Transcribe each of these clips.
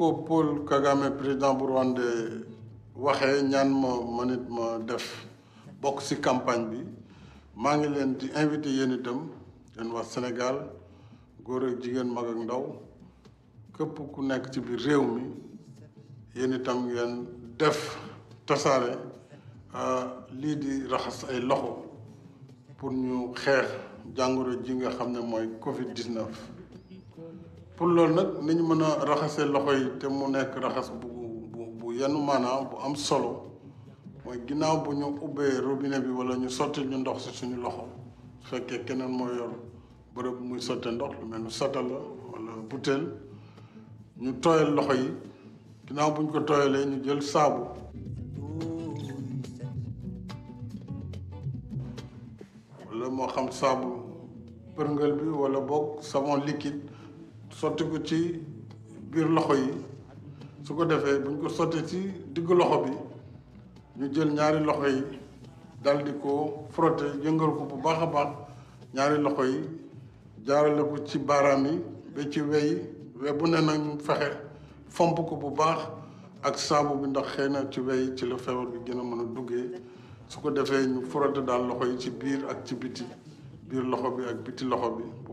koo Paul Kagame président bu Rwanda waxee ñaan ma ma nit ma def bokk ci campagne bi maa ngi leen di invité yéen itam yéen waa Sénégal góor ak jigéen mag ak ndaw képp ku nekk ci biir réew mi yéen itam ngeen def tasaare ah, lii di raxas ay loxo pour ñu xeex jàngoro ji nga xam ne mooy Covid 19. pour loolu nag nañu mën a raxasee loxo yi te mu nekk raxas bu bu bu yenn maanaam bu am solo mooy ginnaaw bu ñu ubbee robinet bi wala ñu sottil ñu ndox si suñu loxo su fekkee keneen moo yor bërëb muy sotte ndox lu mel ni satala wala butéel ñu tooyal loxo yi ginnaaw buñ ko tooyalee ñu jël saabu wala moo xam saabu përngël bi wala boog savon liquide sotti ko ci biir loxo yi su ko defee buñ ko sottee ci diggu loxo bi ñu jël ñaari loxo yi daldi ko frotter yëngal ko bu baax a baax ñaari loxo yi jaarale ko ci baaraam yi ba ci wey we bu ne nag ñu fexe fomp ko bu baax ak saabu bi ndax xëy na ci wey ci la feebar bi gën a mën a duggee su ko defee ñu frotter daal loxo yi ci biir ak ci biti biir loxo bi ak biti loxo bi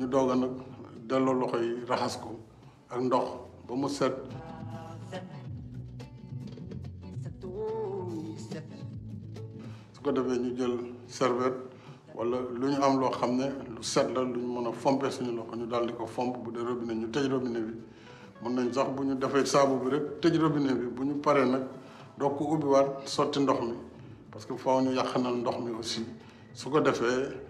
ñu doog nag delloo loxo yi raxas ko ak ndox ba mu set su ko defee ñu jël serviette walla lu ñu am loo xam ne lu set la lu ñu mën a fompe suñu loxo ñu daal ko fomp bu dee robinet ñu tëj robinet bi mën nañ sax bu ñu defee saabu bi rek tëj robinet bi bu ñu paree nag doo ko ubbiwaat sotti ndox mi parce que faaw ñu yàq na ndox mi aussi su ko defee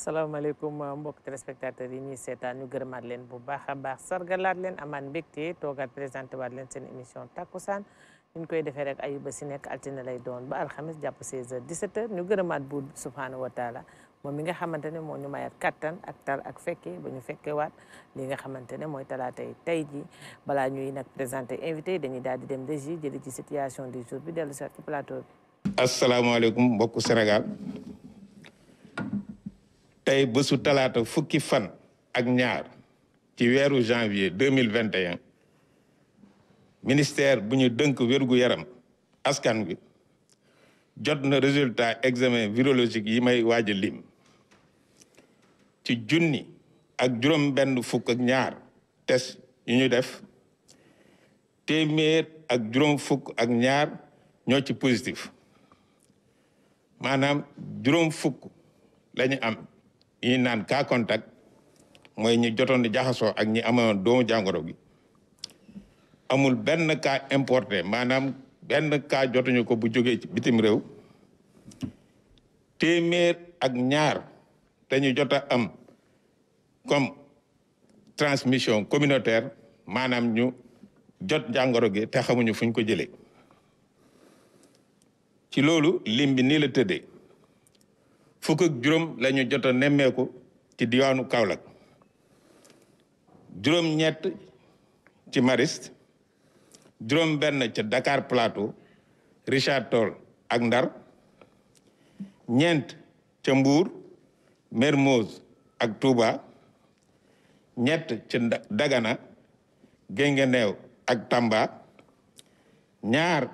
asalaamaaleykum mbokk téléspectateurs yi ñu seetaan ñu gërëmaat leen bu baax a baax sargalaat leen amaan mbégte toogaat présenté waat leen seen émission takkusaan ñu koy defee rek ayuba si nekk altine lay doon ba alxamis jàpp 16h 17h ñu gërëmaat bu bi subhaanahu wa taala moom mi nga xamante ne moo ñu mayaat kattan ak tal ak fekke ba ñu fekkee waat li nga xamante ne mooy talaata yi tey ji balaa ñuy nag présenté invité dañuy daal di dem régie jëli ci situation du jour bi dellu si ci plateau bi asalaamaaleykum mbokk Sénégal tey bésu talaata fukki fan ak ñaar ci weeru janvier deux mille vingt et un bu ñu dënk wérgu yaram askan wi jot na résultat examen virologique yi may waaj a lim ci junni ak juróom benn fukk ak ñaar test yu ñu def téeméer ak juróom fukk ak ñaar ñoo ci positif maanaam juróom fukk lañu am yi naan ka contact mooy ñu jotoon di jaxasoo ak ñi amoon doomu jàngoro gi amul benn cas importé maanaam benn cas jotuñu ko bu jógee ci bitim réew téeméer ak ñaar dañu jot a am comme transmission communautaire maanaam ñu jot jàngoro gi te xamuñu fuñ ko jëlee ci loolu lim bi nii la tëddee fukk juróom lañu jot a nemmeeku ci diwaanu Kaolack juróom-ñett ci Mariste juróom-benn ca Dakar Plateau Richard Toll ak Ndar ñeent ca mbuur Mermoz ak tuuba ñett ca Dagana Guinguinéo ak tàmba ñaar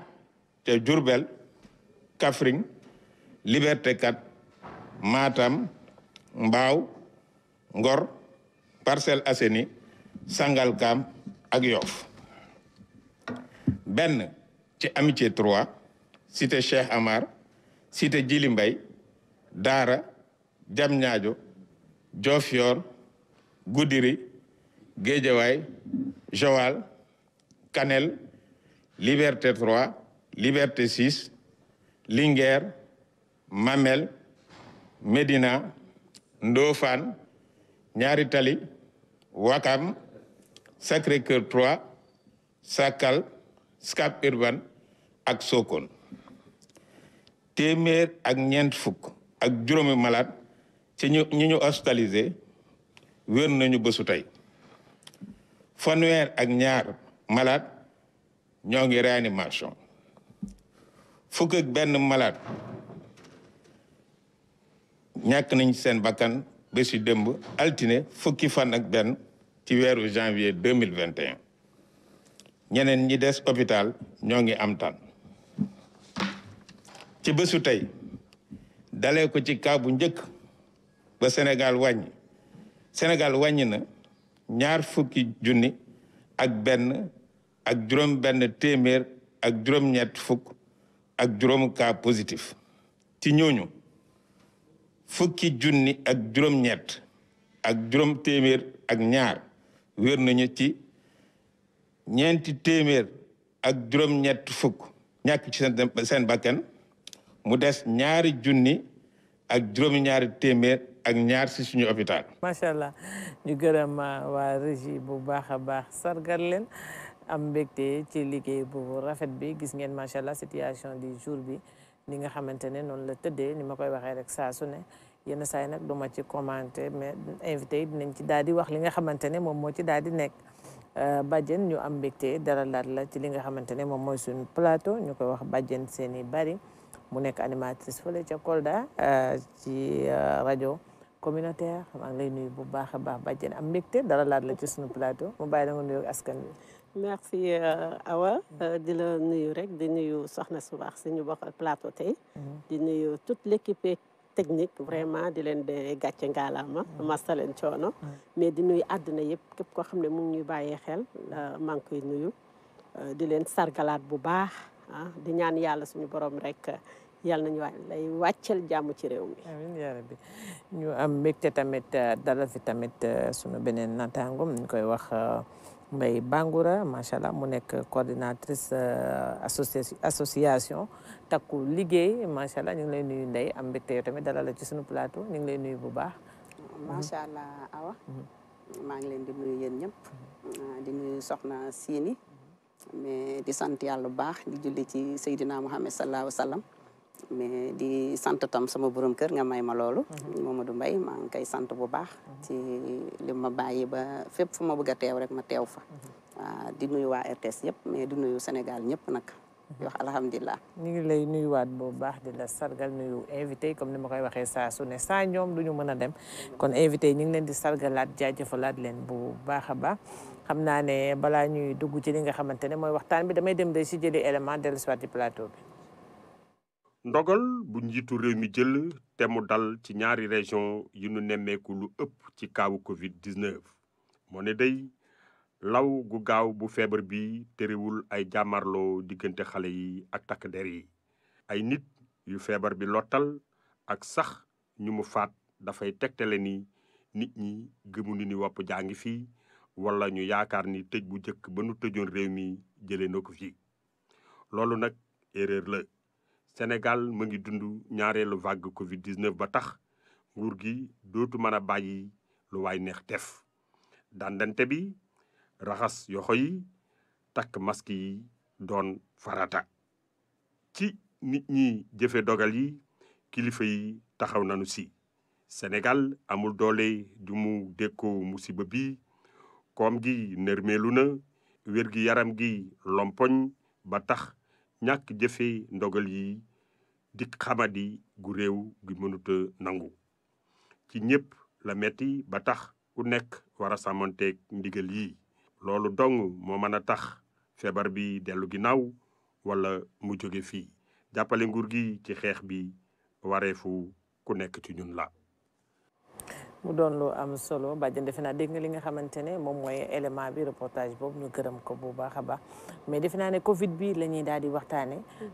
ca Diourbel Kaffrine Liberté 4 Matam Mbao Ngor Parcelles Assainies Sangalkam ak Yoff benn ci Amitié 3 cité Cheikh Amar cité Djily Mbaye Daara Diamniadio Diofior Goudiri Guédiawaye Joal Kanel Liberté 3 Liberté 6 Linguère Mamel Médina Ndofane ñaari tali Wakam Sacré-Cœur 3 Sakal Scat Urbam ak Sokone téeméer ak ñeent fukk ak juróomi malade ci ñu ñi ñu hospitalisé wér nañu bésu tey fanweer ak ñaar malade ñoo ngi réanimation fukk ak malade ñàkk nañ seen bakkan ba si démb altine fukki fan ak benn ci weeru janvier deux mille vingt et ñeneen ñi des hôpital ñoo ngi am tan ci bésu tey dalee ko ci cas bu njëkk ba Sénégal wàññi Sénégal wàññi na ñaar fukki junni ak benn ak juróom benn téeméer ak juróom-ñett fukk ak juróomu cas positif ci ñooñu fukki junni ak juróom-ñett ak juróom téeméer ak ñaar wér nañu ci ñeenti téeméer ak juróom-ñett fukk ñàkk ci seen seen bakkan mu des ñaari junni ak juróom-ñaari téeméer ak ñaar si suñu hôpital. macha allah ñu gërëm uh, waa régie bu baax a baax sargal leen am mbégte ci liggéey bu rafet bi gis ngeen macha allah situation du jour bi. li nga xamante ne noonu la tëddee ni ma koy waxee rek saa su ne yenn saa nag du ma ci commenté mais invité yi dinañ ci daal di wax li nga xamante ne moom moo ci daal di nekk euh, Badiane ñu am mbégte dara laat la ci li nga xamante ne moom mooy suñu plateau ñu koy wax Badiane Séni Bari mu nekk animatrice fële ca Kolda euh, ci euh, rajo communautaire maa ngi lay nuyu bu baax a baax Badiane am mbégte dara laat la ci suñu plateau mu bàyyi la nga nuyoog askan wi. merci euh, Awa euh, di la nuyu rek di nuyu soxna su baax si ñu bokkal plateau tey mhm. di nuyu toute l'équipe technique vraiment di leen de gàcce ngaalaama masta mhm. leen coono mhm. mais di nuyu àddina yëpp képp koo xam ne mu ngi ñuy bàyyee xel maa ngi koy nuyu euh, di leen sargalaat bu baax ah di ñaan yàlla suñu borom rek yàlla nañu lay wàcceel jàmm ci réew mi. amiin ñu am mbégte tamit dalal fi tamit sunu beneen naataango ñu koy wax. mbay Bangoura macha allah mu nekk coordinatrice euh, association takku liggéey macha allah ñu lay nuyu Ndeye am mbégte yow tamit dalal la ci suñu plateau ñu ngi lay nuyu bu baax. Mm-hmm. macha allah Awa. Mm-hmm. maa ngi leen di nuyu yéen ñëpp. Mm-hmm. di nuyu Soxna Sini. mais di sant yàlla bu baax di julli ci Seydina Mouhamed sallallahu alayhi wa sallam. mais di sante tam sama borom keur nga may ma loolu. Mhm. Mamadou Mbaye maa ngi kay sante bu baax. Mhm. ci li baye ba fépp fuma bëgga tew rek ma tew fa. Mhm. Ah, di nuyu wa RTS yëpp mais di nuyu Sénégal ñëpp nak wax alhamdulilah. ñu ngi lay nuyuwaat bu baax di la sargal nuyu invité comme ni ma koy waxee saa su ne sa ñom du mëna dem kon invité ñi ngi leen di sargalat jaajëfalaat leen bu baaxa ba xamna xam bala ne balaa ñuy dugg ci li nga xamantene moy waxtaan bi damay dem de ci jëli élément dellusiwaat ci plateau bi. ndogal bu njiitu réew mi jël te mu dal ci ñaari région yu nu nemmeeku lu ëpp ci kaawu covid 19 moo ne day law gu gaaw bu feebar bi terewul ay jàmmarloo diggante xale yi ak takk der yi ay nit yu feebar bi lottal ak sax ñu mu faat dafay tegtale ni nit ñi gëmu ni ni wopp jaa ngi fii wala ñu yaakaar ni tëj bu njëkk ba nu tëjoon réew mi jëlee na ko fii loolu nag erreur la Sénégal mu ngi dund ñaareelu vague Covid 19 ba tax nguur gi dootu mën a bàyyi lu waay neex def farata. ci nit ñi jëfe dogal yi kilifa yi Sénégal amul doole ju mu dékkoo musiba bi koom gi nërmeelu na ñàkk jëfe ndogal yi di xamadi gu réew gi mënuta nangu ci ñépp la metti ba tax ku nekk war a sàmmanteeg ndigal yi loolu dong moo mën a tax feebar bi dellu ginnaaw walla mu joge fi jàppale nguur gi ci xeex bi wareefu ku nekk ci ñun la mu doon lu am solo ba defe naa dégg nga li nga xamantene mom moy mooy élément bi reportage bob ñu gërëm ko bu baax ba mais defena né Covid bi lañuy ñuy daal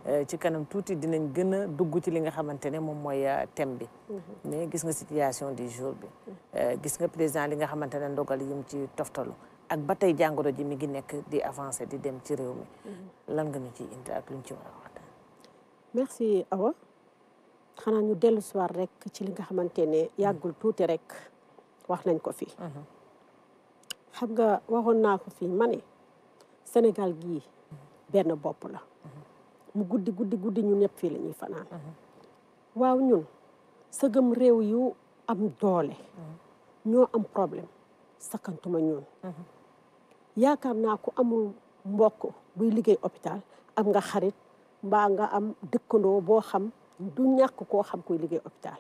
euh, ci kanam touti dinañ gëna dugg ci li nga xamantene mom moy euh, thème bi. Mm-hmm. mais gis nga situation du jour bi. Euh, gis nga président li nga xamantene ndogal yi mu ci toftalu ak batay jangoro ji mi ngi nekk di avancer di dem ci réew mi. Mm-hmm. lan nga ñu ciy indi ak lu ci war a merci Awa. xanaa ñu dellu soir rek ci li nga xamante ne yàggul tuuti rek wax nañ ko fi. Mhm. xam nga waxoon naa ko fii ma ne Sénégal gii benn bopp la. Mhm. mu guddi guddi guddi ñun ñëpp fii lañuy ñuy fanaan. Mhm. waaw ñun sëgëm réew yu am doole. ñoo am problème sakantuma ñun. yaakaar naa ko amul mbokk buy liggéey hôpital am nga xarit mbaa nga am dëkkandoo boo xam. du ñàkk koo xam koy liggéey hôpital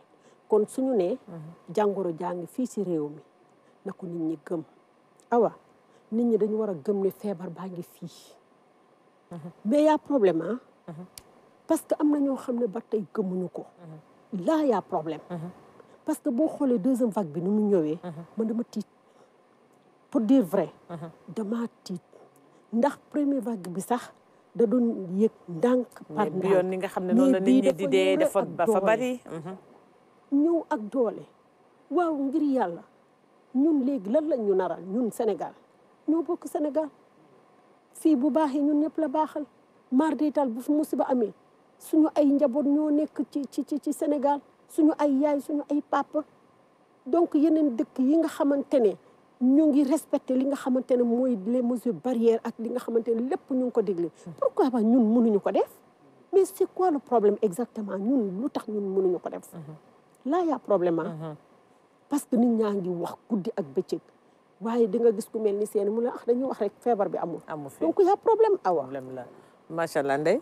kon suñu ne mhm. jàngoro jàngi fii si réew mi na ko nit ñi gëm awa nit ñi dañu war a gëm ne feebar baa ngi fii mhm. mais y'a problème mhm. parce que am na ñoo xam ne ba tey gëmuñu ko laa y'a problème parce que boo xoolee deuxième vague bi ni mu ñëwee man dama tiit pour dire vrai dama tiit ndax première vague bi sax da du yëg ndànk par ndànk yoon ni nga xam ne noonu la nit ñi di dee dafa dafa bari mhm. ñëw ak doole waaw ngir yàlla ñun léegi lan lañ ñu nara ñun Sénégal ñoo bokk Sénégal fii bu baaxee ñun ñëpp la baaxal mar dital bu fi musiba amee suñu ay njaboot ñoo nekk ci ci ci Sénégal suñu ay yaay suñu ay papa donc yeneen dëkk yi nga xamante ne ñu ngi respecté li nga xamante ne mooy le mesures barrières ak li nga xamante ne lépp ñu ngi ko digle pourquoi pas ñun mënuñu ko def mais c'est quoi le problème exactement ñun lu tax ñun mënuñu ko def mm-hmm. laa yaa problème ah parce que nit ñaa ngi wax guddi ak bëccëg waaye di nga gis ku mel ni seen mu ne ah wax rek feebar bi amul donc yaa problème awa macha allah ndey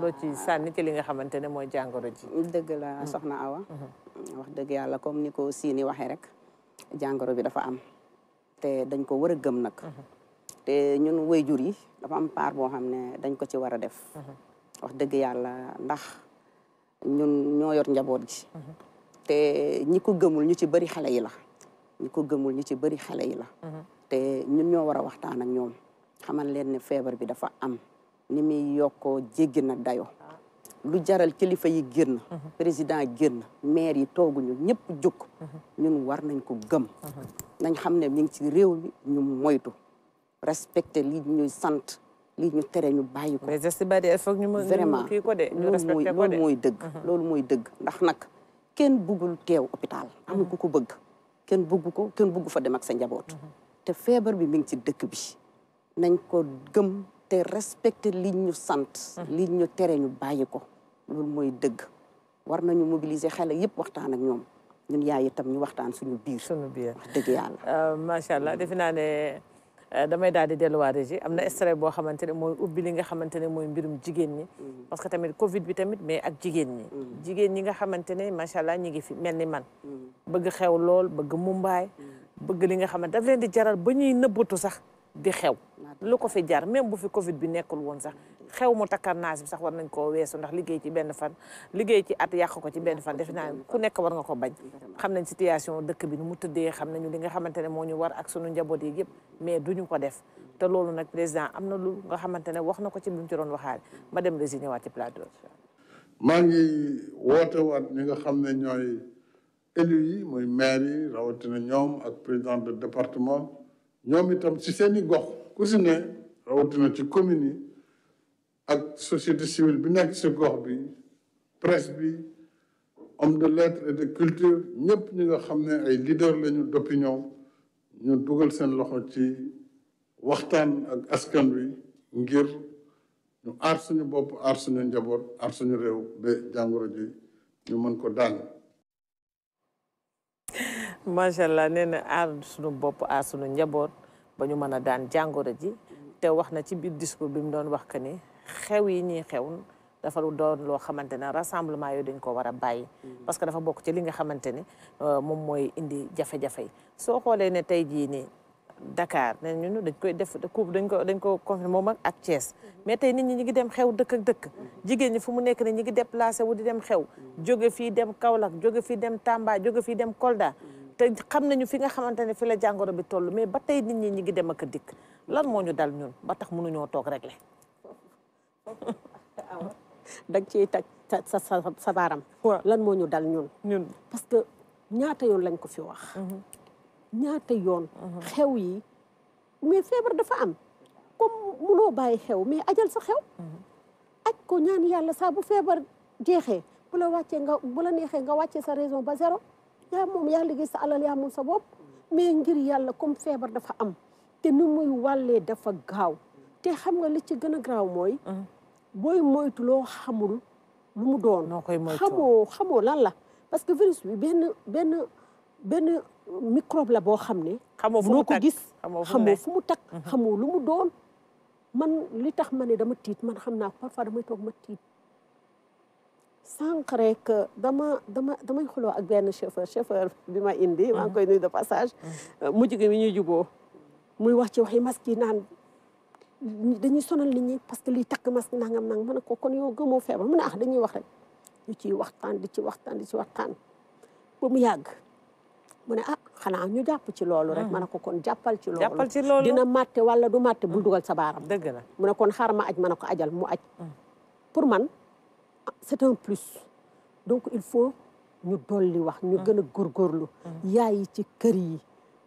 loo ci sànni ci li nga xamante ne mooy jàngoro ji dëgg la mm-hmm. soxna awa wax dëgg yàlla comme ni ko siini waxee rek jàngoro bi dafa am te dañ ko war a gëm nag mhm. te ñun waajur yi dafa am par boo xam ne dañ ko ci war a def mhm. wax dëgg yàlla ndax ñun ñoo yor njaboot gi mhm. te ñi ko gëmul ñu ci bëri xale yi la ñi ko gëmul ñu ci bëri xale yi la te ñun ñoo war a waxtaan ak ñoom xamal leen ne feebar bi dafa am ni muy yokkoo jéggi na dayo ah. lu jaral kilifa yi génn président génn mair yi tooguñu ñëpp jóg ñun war nañ ko gëm nañ xam ne ñu ngi ci réew mi ñu moytu respecté lii ñuy sant lii ñu tere ñu bàyyi ko. mais geste barrière foog ñu vraiment loolu mooy dëgg. Mhm. loolu mooy dëgg ndax nag kenn bëggul teew hôpital. am ku ko bëgg kenn buggu ko kenn buggu fa dem ak sa njaboot. Mhm. te feebar bi mi ngi ci dëkk bi nañ ko gëm te respecté liñ ñu sant. Mhm. lii ñu tere ñu bàyyi ko loolu mooy dëgg war nañu mobiliser xale yëpp waxtaan ak ñoom. ñun yaay itam ñu waxtaan suñu biir. suñu biir wax dëgg yàlla. Euh, macha allah mm-hmm. defe naa ne euh, damay daal di delluwaat ji am na extrait boo xamante ne mooy ubbi li nga xamante ne mooy mbirum jigéen ñi. Mm-hmm. parce que tamit Covid bi tamit mais ak jigéen ñi. Mm-hmm. jigéen ñi nga xamante ne macha allah ñu ngi fi mel ni man. bëgg xew lool bëgg mumbaay. bëgg li nga xamante daf leen di jaral ba ñuy nëbbatu sax di xew. lu ko fi jar même bu fi Covid bi nekkul woon sax xew mu takkarnaas bi sax war nañ koo weesu ndax liggéey ci benn fan liggéey ci at yàq ko ci benn fan defe naa ko nekk war nga ko bañ xam nañ situation dëkk bi nu mu tëddee xam nañu li nga xamante ne moo ñu war ak sunu njaboot yi yëpp mais duñu ko def te loolu nag président am na lu nga xamante ne wax na ko ci bi mu ci doon waxaale ma dem résigné waat ci plateau maa ngi woote waat ñi xam ne ñooy élus yi muy maire yi rawatina ñoom ak président de département ñoom itam si seen i gox ku si rawatina ci commune yi ak société civile bi nekk si gox bi presse bi homme de lettres de culture ñëpp ñi nga xam ne ay leader lañu d'opinion ñu dugal seen loxo ci waxtaan ak askan wi ngir ñu aar suñu bopp aar suñu njaboot aar suñu réew ba jàngoro ji ñu mën ko daan. macha allah nee na aar suñu bopp aar suñu njaboot. ba ñu mën a daan jàngoro ji te wax na ci biir discours bi mu doon wax que ni xew yi ñuy xew dafa doon loo xamante ne rassemblement yooyu dañ ko war a bàyyi mm. parce que dafa bokk ci li nga xamante ne euh, moom mooy indi jafe-jafe soo xoolee ne tey jii nii dakaar ne ñun dañ koy def coupe dañ ko dañ ko confirmé moom ak ak Thiès mm-hmm. mais tey nit ñi ñi ngi dem xew dëkk dëkk mm-hmm. jigéen ñi fu mu nekk ni ñi ngi déplacé wu di dem xew mm-hmm. jóge fii dem Kaolack jóge fii dem Tamba jóge fii dem Kolda te xam nañu fi nga xamante ne fi la jàngoro bi toll mais ba tey nit ñi ñi ngi dem ak dikk lan moo ñu dal ñun ba tax mënuñoo toog rek le dañ ciy tag sa sa sa baaram lan moo ñu dal ñun ñun parce que ñaata yoon lañ ko fi wax mhm. ñaata yoon mhm. xew yi mais feebar dafa am comme munoo bàyyi xew mais ajal sa xew mhm. aj ko ñaan yàlla saa bu feebar jeexee bu la wàccee nga bu la neexee nga wàccee sa raison ba zéro yaa moom yaa liggéey sa alal yaa moom sa bopp mais ngir yàlla comme feebar dafa am te nu muy wàllee dafa gaaw te xam nga li ci gën a gaaw mooy mm-hmm. booy moytu loo xamul lu mu doon xamoo xamoo lan la parce que virus bi benn benn benn microbe la boo xam ne loo ko gis xamoo fu mu takk mm-hmm. xamoo lu mu doon man li tax ma ne dama tiit man xam naa parfois damay toog ma tiit sànq rek dama dama damay xuloo ak benn chauffeur chauffeur bi ma indi. maa ngi koy nuyu de passage. mujj gi mi ñuy juboo muy wax ci waxi masque yi naan dañuy sonal nit ñi parce que liy takk masque nangam nangam ma ne ko kon yow gëmoo feebar mu ne ah dañuy wax rek ñu ciy waxtaan di ci waxtaan di ci waxtaan ba mu yàgg mu ne ah xanaa ñu jàpp ci loolu rek man ne ko kon jàppal ci loolu. jàppal ci loolu dina màtte wala du màtte bul dugal sa baaram. dëgg la mu ne kon xaaral ma aj ma ne ko ajal mu aj pour man. c'est un plus donc il faut ñu dolli wax ñu gën a góorgóorlu yaay yi ci kër yi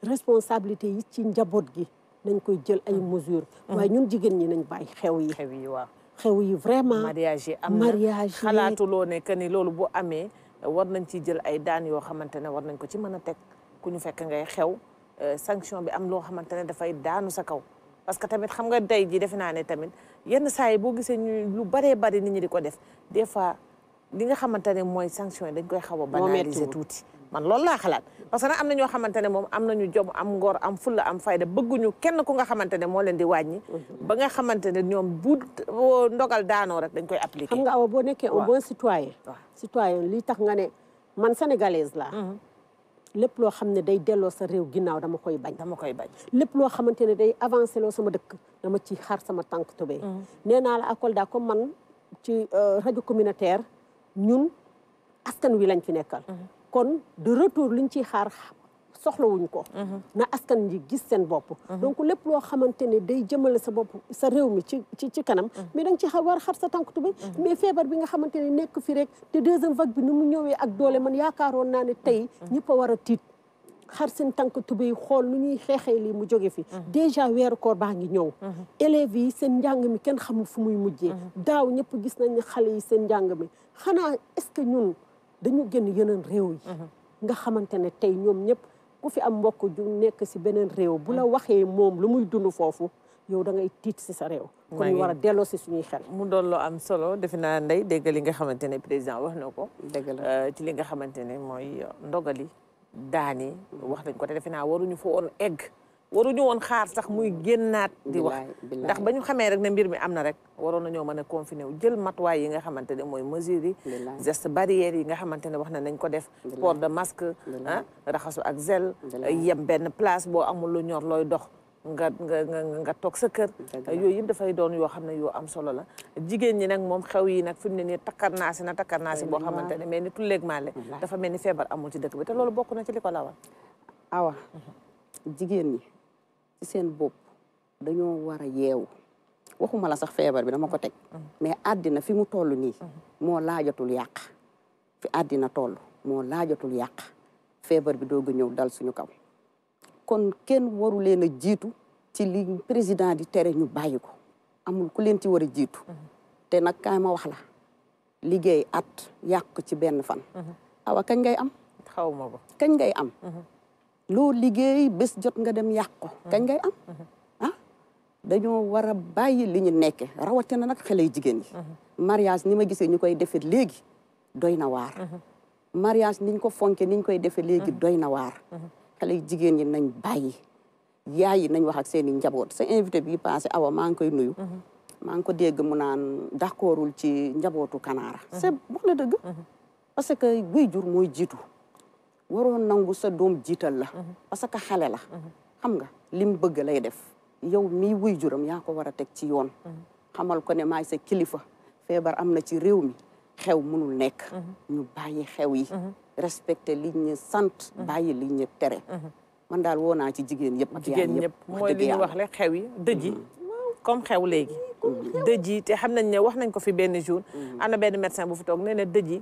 responsabilité yi ci njaboot gi nañ koy jël ay mesures waaye ñun jigéen ñi nañ bàyyi xew yi xew yi waaw xew yi vraiment mariage yi am na xalaatuloo ne que ni loolu boo amee war nañ ci jël ay daan yoo xamante ne war nañ ko ci mën a teg ku ñu fekk ngay xew euh, sanction bi am loo xamante ne dafay daanu sa kaw parce que tamit xam nga tey jii defe naa ne tamit yenn saa yi boo gisee ñu lu baree bari nit ñi di ko def des fois li nga xamante ne mooy sanction yi dañ koy xaw a banaliser tuuti man loolu laa xalaat parce que am na ñoo xamante ne moom am nañu jom am ngor am fulla am fayda bëgguñu kenn ku nga xamante ne moo leen di wàññi mhm. ba nga xamante ne ñoom bu ndogal daanoo rek dañ koy appliquer xam nga awa boo nekkee un bon citoyen citoyen lii tax nga ne man sénégalaise laa mhm. lépp loo xam ne day delloo sa réew ginnaaw dama koy bañ. dama koy bañ lépp loo xamante ne day avancé loo sama dëkk dama ci xaar sama tànk tubéy. Mm. nee naa la à Kolda comme man ci euh, rajo communautaire ñun askan wi lañ ci nekkal. Mm. kon de retour liñ ciy xaar soxlawuñ ko mhm. na askan ji gis seen bopp mhm. donc lépp loo xamante ne day jëmale sa bopp sa réew mi ci ci ci kanam mhm. mais da nga ci war a sa tànk tubéy mais feebar bi nga xamante ne nekk fi rek te deuxième vague bi ni mu ñëwee ak doole man yaakaaroon naa ne tey ñëpp a war a tiit xar seen tànk tubéy xool nu ñuy xeexee lii mu jóge fi déjà weeru ko baa ngi ñëw élèves yi seen njàng mi kenn xamul fu muy mujjee daaw ñëpp gis nañ ne xale yi seen njàng mi xanaa est-ce que ñun dañu génn yeneen réew yi nga xamante ne tey ñoom ñëpp ku fi am mbokk ju nekk si beneen réew bu la mm. waxee moom lu muy dund foofu yow da ngay tiit si sa réew kon ñu war a delloo si suñuy xel mu doon loo am solo defe naa ndey dégg li nga xamante ne président wax na ko dëgg la euh, ci li nga xamante ne mooy ndogali daani wax nañ ko defe naa waruñu foo woon egg waruñu woon xaar sax muy génn naat di wax ndax ba ñu xamee rek ne mbir mi am na rek waroon nañoo mën a confiné wu jël matuwaay yi nga xamante ne mooy mesures yi geste barrières yi nga xamante ne wax na nañ ko def port de masque ah raxasu ak zel yem benn place boo amul lu ñor looy dox nga nga nga nga toog sa kër yooyu yëpp dafay doon yoo xam ne yoo am solo la jigéen ñi nag moom xew yi nag fi mu ne nii takkar naasi na takkar naasi boo xamante ne mais ni tulleeg maale dafa mel ni feebar amul ci dëkk bi te bokk na ci li ko ñi ci seen bopp dañoo war a yeewu waxuma la sax feebar bi dama ko teg mm-hmm. mais àddina fi mu toll nii mm-hmm. moo laajatul yàq fi àddina toll moo laajatul yàq feebar bi doog a ñëw dal suñu kaw kon kenn waru leen a jiitu ci li président di tere ñu bàyyi ko amul ku leen ci war a jiitu mm-hmm. te nag kaama ma wax la liggéey at yàq ci benn fan awa kañ ngay am kañ ngay am loo liggéey bés jot nga dem yàq ko kañ ngay am ah dañoo war a bàyyi li ñu nekke rawatina nag xale yu jigéen yi mariage ni ma gisee ñu koy defee léegi doy na waar mariage niñ ko fonke niñ koy defee léegi doy na waar xale jigéen ñi nañ bàyyi yaay yi nañ wax ak seen i njaboot se invité bi passé awa maa ngi koy nuyu maa ngi ko dégg mu naan dakorul ci njabootu kanaara c'est wax na dëgg parce que buy jur mooy jiitu waroon nangu sa doom jiital la mhm. parce que xale la mhm. xam nga lim bëgg lay def yow mii wuy juram yaa ko war a teg ci yoon mhm. xamal ko ne may sa kilifa feebar am na ci réew mi xew mënul nekk ñu bàyyi xew yi respecté li sant bàyyi li ñu tere man daal woo naa ci jigéen yëpp ak jigéen ñëpp mooy li wax le xew yi dëj كم خيولي دجي تحمل نيا وحنا نكون في بين جون أنا بين مرسين بفتوك نين دجي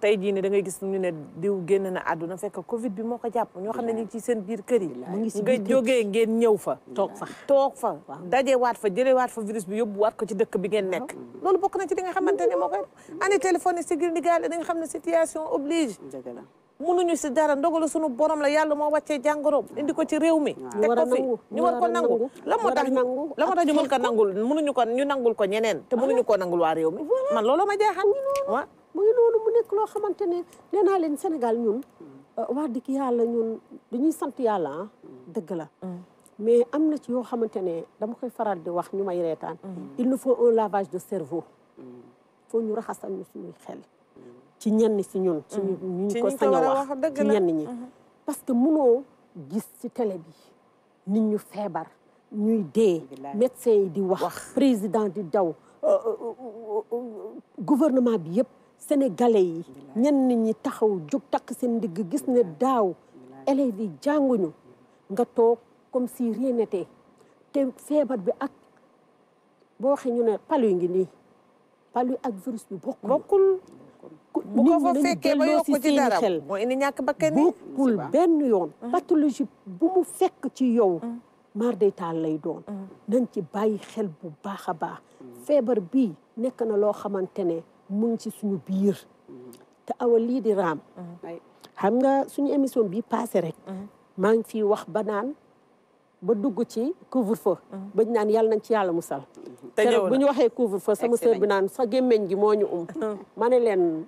تيجي ندعي قسم نين ديو جين أنا أدونا في كوفيد بيمو كجاب نيو خنا نيجي سن بير كري نيجي جوجي جين نيو فا توك فا توك فا دجي وارف جري وارف فيروس بيو بوار كتشدك بيجين نك لول بكون تيجي نخمن تاني مغر أنا تلفوني سجل نقال نخمن سيتياسيون أوبليج جدلا mënuñu si dara ndogalu sunu borom la yàlla moo wàccee jàngoro indi ko ci réew mi. teg ko fi ñu war ko nangu la moo tax la moo tax ñu mun ko nangul mënuñu ko ñu nangul ko ñeneen te mënuñu koo nangul waa réew mi man loolu ma jaaxal waaw mu ngi noonu mu nekk loo xamante ne naa leen Sénégal ñun hmm. wax dëgg yàlla ñun dañuy sant yàlla ah hmm. dëgg la hmm. mais am na ci yoo xamante ne dama koy faral di wax ñu may reetaan il nous faut un lavage de cerveau faut ñu raxasal ñu suñuy xel ci ñenn si ñun. ci ñu mm-hmm. ko sañ a wax ci ñenn ñi. Mm-hmm. parce que mënoo gis ci télé bi ni ñu feebar ñuy dee. médecin yi di wax président di daw. Euh, euh, euh, gouvernement bi yëpp sénégalais yi ñenn ñi taxaw jug takk seen ndigg gis na daaw élèves yi jànguñu nga toog comme si rien n'était te feebar bi ak boo waxee ñu ne palu ngi nii palu ak virus bi bokkul. bu ko fa fekkee ba yokk ci dara moo indi ñàkk bakkan bokkul benn yoon mm. pathologie bu mu fekk ci yow maar mm. day taal lay doon mm. nañ ci bàyyi xel bu baax a baax feebar bi nekk na loo xamante ne mu ngi ci suñu biir te awa lii raam xam nga suñu émission bi passé rek maa ngi fiy wax ba naan ba dugg ci couvre feu bañ naan yàlla nañ ci yàlla mu sal bu ñu waxee couvre feu sama sœur bi naan sa gémmiñ gi moo ñu um ma leen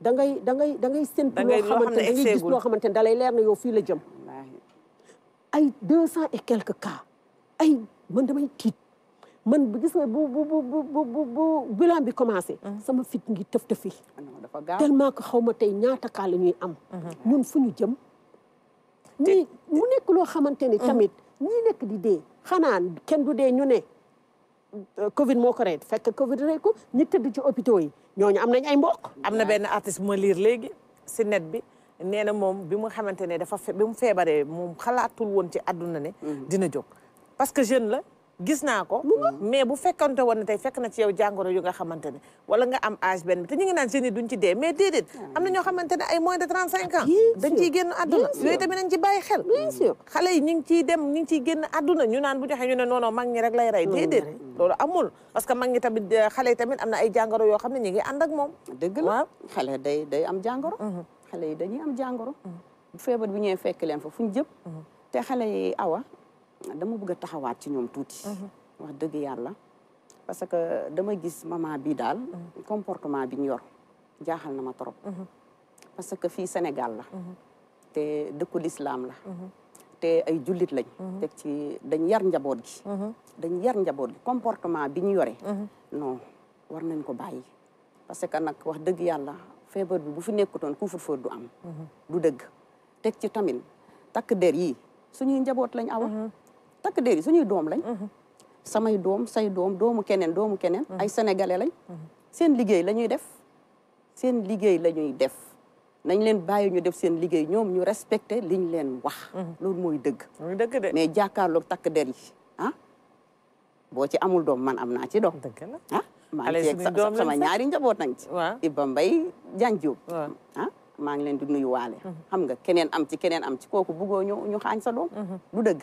da ngay da ngay da ngay séntu loo xamante ne da ngay gis loo xamante ne da lay leer na yow fii la jëm ay deux cent et quelques cas ay man damay tiit man gis nga bu bu bu bu bu bu bilan bi commencé. Mm-hmm. sama fit ngi tëf tëfi. Ah tellement que xaw ma tey ñaata kaa la ñuy am. Mm-hmm. ñun fu ñu jëm. te mu nekk loo xamante ni mm-hmm. tamit ñii nekk di dee xanaa kenn du dee ñu ne euh, Covid moo ko rey fekk Covid rey ko ñi tëdd ci hôpitaux yi. ñooñu am nañ ay mbokk am na benn artiste bu ma liir léegi si net bi nee na moom bi mu xamante ne dafa bi mu feebaree moom xalaatul woon ci àdduna ne mm-hmm. dina jóg parce que jeune la gis naa ko mais bu fekkante woon ne tey fekk na ci yow jàngoro yu nga xamante ne wala nga am âge benn bi te ñu ngi naan jeunes yi duñ ci dee mais déedéet hmm. am na ñoo xamante ne ay moins de trente cinq ans dañ ciy génn àdduna yooyu tamit ci bàyyi xel bien yi ñu ngi ciy dem ñu ngi ciy génn àdduna ñu naan bu joxe ñu ne mag ñi rek lay rey déedéet hmm. loolu amul parce que mag ñi tamit euh, xale yi tamit am na ay jàngoro yoo xam ne ñu ngi ànd ak moom dëgg la xale day day am jàngoro hmm. xale yi dañuy am jàngoro feebar bi ñëwee fekk leen fa fuñ jëm te xale yi awa dama bëgg a taxawaat ci ñoom tuuti. Mhm. wax dëgg yalla parce que dama gis mama bi kompor mhm. comportement bi ñu yor jaaxal na ma trop. Mhm. parce que fi Sénégal la. te deku l'islam la. te ay julit lañ. tek ci dañ yar njabot gi. dañ yar njabot gi comportement bi ñu yoré non war nañ ko bayyi parce que nak wax dëgg yalla fever bi bu fi nekkutoon du am. du dëgg tek ci tamine tak der yi suñu njabot lañ awa. takk déer yi suñuy doom lañ mhm. samay doom say doom doomu keneen doomu keneen mhm. ay sénégalais lañ mhm. seen liggéey lañuy def seen liggéey lañuy def nañ leen bàyyi ñu def seen liggéey ñoom ñu respecté liñ leen wax loolu mooy dëgg dëgg de mais takk der yi ah boo ci amul doom man am naa ci doom ah maa ngi ceeg sama ñaari njaboot nañ ci Iba Mbay Jaan Jóob ah ngi leen di nuyu waale xam nga keneen am ci keneen am ci kooku buggoo ñu ñu xaañ sa doom du dëgg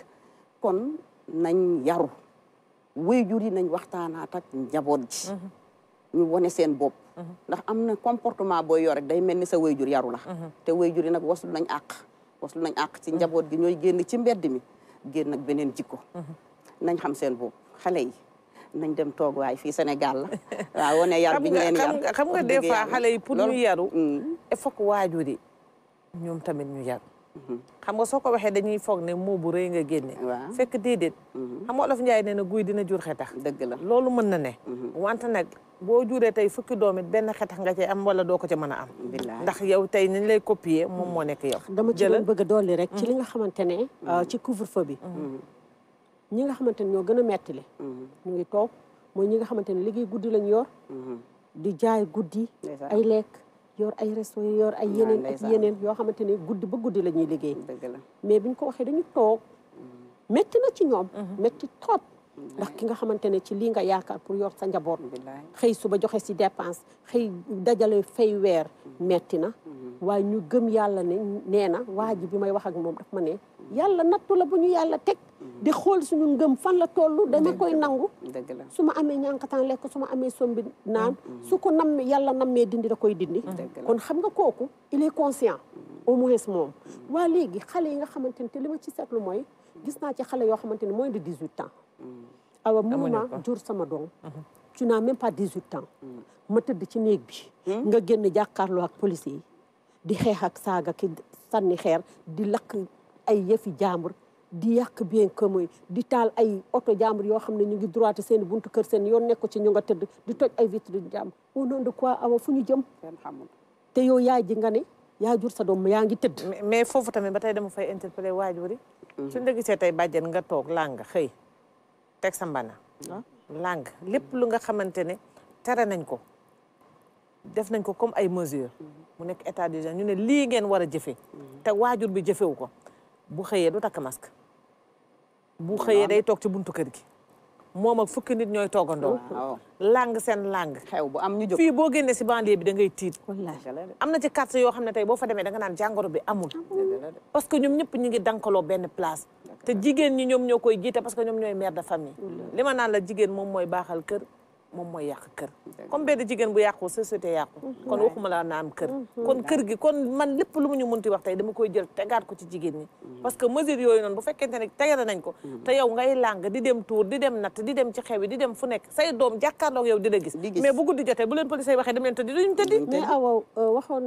kon nañ yaru waajur yi nañ waxtaanaat ak njaboot ji mm-hmm. ñu wone seen bopp mm-hmm. ndax am na comportement booy yor rek day mel ni sa waajur yaru la mm-hmm. te waajur yi nag waslu nañ àq waslu nañ àq ci njaboot gi ñooy génn ci mbedd mi génn beneen jikko nañ xam seen bopp xale yi nañ dem toog waay fii senegal la waaw wane yar bi ñu nga des fois xale yi pour ñu yaru mm. il faut que waajur yi ñoom tamit ñu yaru xam nga soo ko waxee dañuy foog ne moo bu rëy nga génne fekk déedéet mhm. xam nga olof Njaay nee na guy dina jur xetax dëgg la loolu mën na ne mhm. wante nag boo juree tey fukki doom benn xetax nga cay am wala doo ko ci mën a am ndax yow tey nañ lay copier moom moo nekk yow dama ci doon bëgg a dolli rek ci mhm. li nga xamante ne euh, ci couvre-feu bi ñi nga xamante ne ñoo gën a mettile ñu ngi toog mooy ñi nga xamante ne liggéey guddi lañ yor di jaay guddi ay lekk yor ay resto yor ay yeneen ak yeneen yoo xamante ne guddi ba guddi la ñuy liggéey mais biñ ko waxee dañu toog métti mm-hmm. na ci ñoom métti mm-hmm. trop mm-hmm. ndax ki nga xamante ne ci lii nga yaakaar pour yor sa njaboot xëy suba joxee si dépense xëy dajale fay weer metti na waaye ñu gëm yàlla ne nee na waa bi may wax ak moom daf ma ne yàlla nattu la bu ñu yàlla teg di xool suñu ngëm fan la toll dama koy nangu su ma amee ñànkatan lekk su ma amee sombi naan mm-hmm. su ko nam yàlla nammee dindi da koy dindi mm-hmm. kon xam nga kooku il est conscient mm-hmm. au moins moom waa léegi xale yi nga xamante ne te li ma ci seetlu mooy gis naa ci xale yoo xamante ne moins de dix huit ans awa mënuma jur sama doom tu même pas dix huit ans ma tëdd ci néeg bi nga génn jàkkaarloo ak police yi di xeex ak saaga ki sànni xeer di lakk ay yëfi jaambur di yàq bien commun yi di taal ay oto jàmbur yoo xam ne ñu ngi droité seen buntu kër seen yoon nekk ci ñu nga tëdd di toj ay vitre di jàmbur au nom de quoi fu ñu jëm te yow yaay ji nga ne yaa jur sa doom yaa ngi tëdd mais foofu tamit ba tey dama fay interpellé waajur yi mhm. suñ la gisee tey bàjjen nga toog làng xëy teg sa mbana ah. làng lépp lu nga xamante ne tere nañ ko def nañ ko comme ay mesure mhm. mu nekk état d'urgence ñu ne lii ngeen war a jëfe mhm. te waajur bi jëfewu ko bu xëyee du takk masque. bu xëyee day toog ci buntu kër gi. moom ak fukki nit ñooy toogandoo. làng seen làng. xew bu am ñu jóg fii boo génnee si banlieue bi da ngay tiit. am na ci quartier yoo xam ne tey boo fa demee danga naan jàngoro bi amul. parce que ñoom ñëpp ñu ngi dankaloo benn place. te jigéen ñi ñoom ñoo koy jiite parce que ñoom ñooy mère de famille. li ma naan la jigéen moom mooy baaxal kër. moom mooy yàq kër comme benn jigéen bu yàqu société yàqu mm-hmm. kon waxuma laa naan kër mm-hmm. kon kër gi kon man lépp lu mu ñu mun ti wax tey dama koy jël tegaat ko ci jigéen ñi mm-hmm. parce que mesure yooyu noonu bu fekkee fekkente ne tegale nañ ko te yow ngay làng di dem tuur di dem natt di dem ci xew yi di dem fu nekk say doom jàkkaarloog yow dina la gis mais bu guddi jotee bu leen police yi waxee dem leen tëddi duñu tëddi mais awa euh, waxoon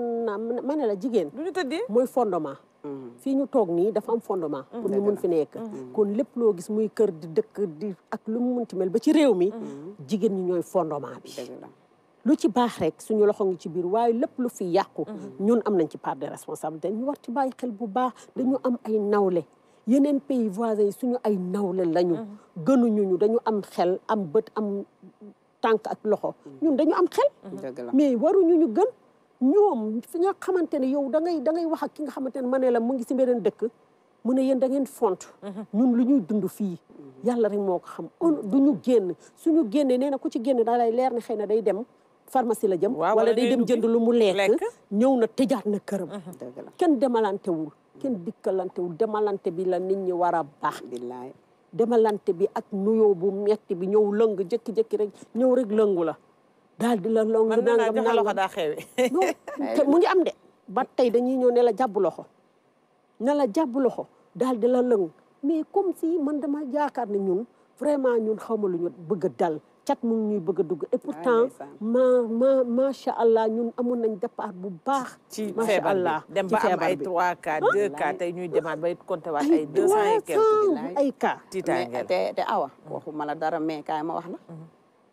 tëddi mooy fondement Mm-hmm. fii ñu toog nii dafa am fondement mm-hmm. pour ñu mun fi nekk mm-hmm. kon lépp loo gis muy kër di dëkk di ak lu mu ti mel ba ci réew mi jigéen ñi ñooy fondement bi lu ci baax rek suñu loxo ngi ci biir waaye lépp lu fi yàqu ñun am nañ ci part de responsabilité ñu war ci bàyyi xel bu baax dañu am ay nawle yeneen pays voisins yi suñu ay nawle lañu gënuñu ñu dañu am xel am bët am tànk ak loxo ñun dañu am xel mais waruñu ñu gën ñoom fi nga xamante ne yow da ngay da ngay wax ak ki nga xamante ne ma ne la mu ngi si beneen dëkk mu ne yéen da ngeen font mhm. ñun lu ñuy dund fii yàlla rek moo ko xam du ñu génn suñu génnee nee na ku ci génn daal lay leer ne xëy na day dem pharmacie la jëm wala day dem jënd lu mu lekk ñëw na tëjaat na këram mhm. kenn demalantewul kenn dikkalantewul demalante bi la nit ñi war a baax demalante bi ak nuyoo bu metti bi ñëw lëng jëkki-jëkki rek ñëw rek lëngu la daal di la long nangam nangam loxo daa xewi non mu ngi am de ba tey dañuy ñëw ne la jàpp loxo ne la loxo daal di la lëng mais comme si man dama yaakaar ne ñun vraiment ñun xaw ma lu ñu bëgg a dal cat mu ñuy bëgg a dugg et pourtant ma ma macha allah ñun amoon nañ départ bu baax ci feebar bi dem ba am ay trois cas deux cas tey ñuy demaat bay compté waat ay deux cent et quelques ay cas tiitaangeel te te awa waxuma la dara mais kaay ma wax na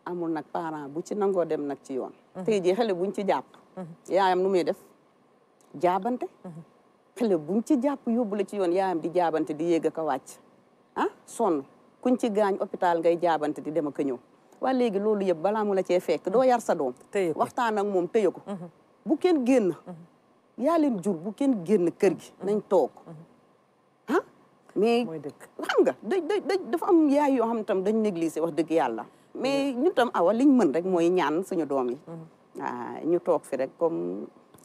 amul nag parent bu ci nangoo dem nag ci yoon mhm. tey jii xale buñ ci jàpp mhm. yaayam nu muy def jaabante mhm. xale bu ci jàpp yóbbu la ci yoon yaayam di jaabante di yéeg ak a wàcc a ah, sonn ku ci gaañ hôpital ngay jaabante di dem ak a ñëw waa léegi loolu yëpp balaa mu la cee fekk doo yar sa doom waxtaan ak moom téye ko bu kenn génn yaa jur bu kenn génn kër gi nañ toog ah mais xam nga da da dafa am yaay yoo xam tam dañ négligé wax dëgg yàlla mais ñun tam awa liñ mën rek mooy ñaan suñu doom yi. Mm-hmm. waaw ñu toog fi rek comme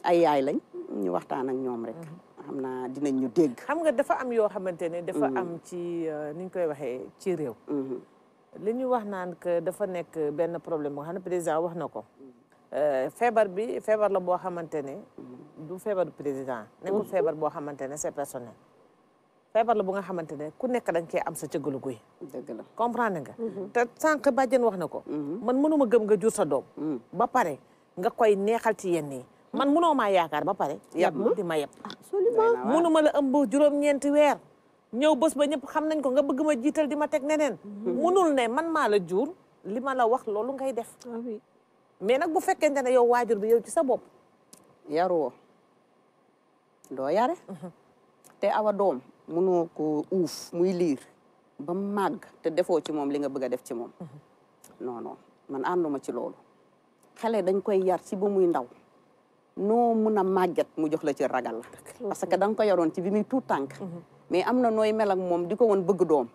ay yaay lañ ñu waxtaan ak ñoom rek. Mm-hmm. xam naa dinañ ñu dégg. xam nga dafa am yoo xamante ne. dafa mm-hmm. am ci euh, ni ñu koy waxee ci réew. li ñu wax naan que dafa nekk benn problème boo xam ne président wax na ko. Euh, feebar bi feebar la boo xamante ne. du feebaru président. nekkul feebar boo xamante ne c'est personnel. feebar la bu nga xamante ne ku nekk da nga am sa cëggalu guy dëgg la comprendre nga mhm. te sànq bàjjen wax na ko mhm. man mënuma gëm nga jur sa doom mhm. ba pare nga koy neexal ci yenn yi man mënoo maa yaakaar ba pare yab ma di ma yeb absolument mënuma la ëmb juróom-ñeenti weer ñëw bés ba ñëpp xam nañ ko nga bëgg ma jiital di ma teg neneen mënul ne man maa la jur li ma la wax loolu ngay def ah mais nag bu fekkente ne yow waajur bi yow ci sa bopp yaruwoo doo yare te awa doom mënoo ko uuf muy liir ba màgg te defoo ci moom li nga bëgg a def ci moom mhm. non non man ànduma ci loolu xale dañ koy yar ci ba muy ndaw noo mun a màggat mu jox la ci ragal la parce que da koy ko yaroon ci bi muy tuut tànk mhm. mais am na nooy mel moom di ko woon bëgg doom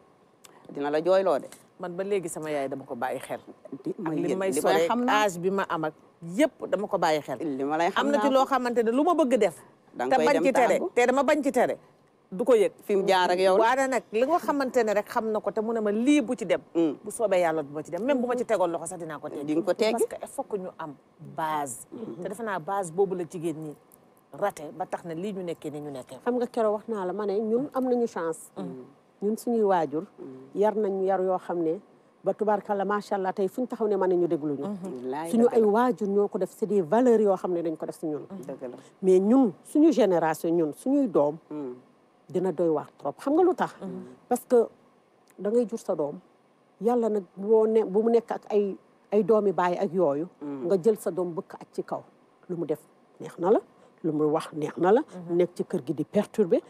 dina la jooyloo de man ba léegi sama yaay dama ko bàyyi xel li may sore âge bi ma ama ak yëpp dama ko bàyyi xel li ma lay xam am na ci loo xamante ne lu ma bëgg def te bañ ci tere te dama bañ ci tere du ko yëg fi mu jaar ak yow waaye nag li nga xamante ne rek xam na ko te mu ne ma lii bu ci dem mm. bu soobee yàlla bu ma ci dem même bu ma ci tegoon loxo sa dinaa ko teg di ko teg parce que ñu am base mm-hmm. te defe naa base boobu la jigéen ñi raté ba tax na lii ñu nekkee ni ñu nekkee xam nga keroog wax naa la ma ne ñun am nañu chance mm. ñun suñuy waajur mm. yar nañu yar yoo xam ne ba tubaarkalla macha allah tey fu ñu taxaw ne mën nañu déglu ñu mm-hmm. suñu ay waajur ñoo ko def c'est des valeurs yoo xam ne dañ ko def si ñun mm-hmm. mais ñun suñu génération ñun suñuy doom dina doy waar trop xam nga lu tax. Mm-hmm. parce que da ngay jur sa doom yàlla nag boo ne bu mu nekk ak ay ay doomi baay ak yooyu. Mm-hmm. nga jël sa doom bëkk ak ci kaw lu mu def neex na la. lu mu wax neex na la. Mm-hmm. nekk ci kër gi di perturber.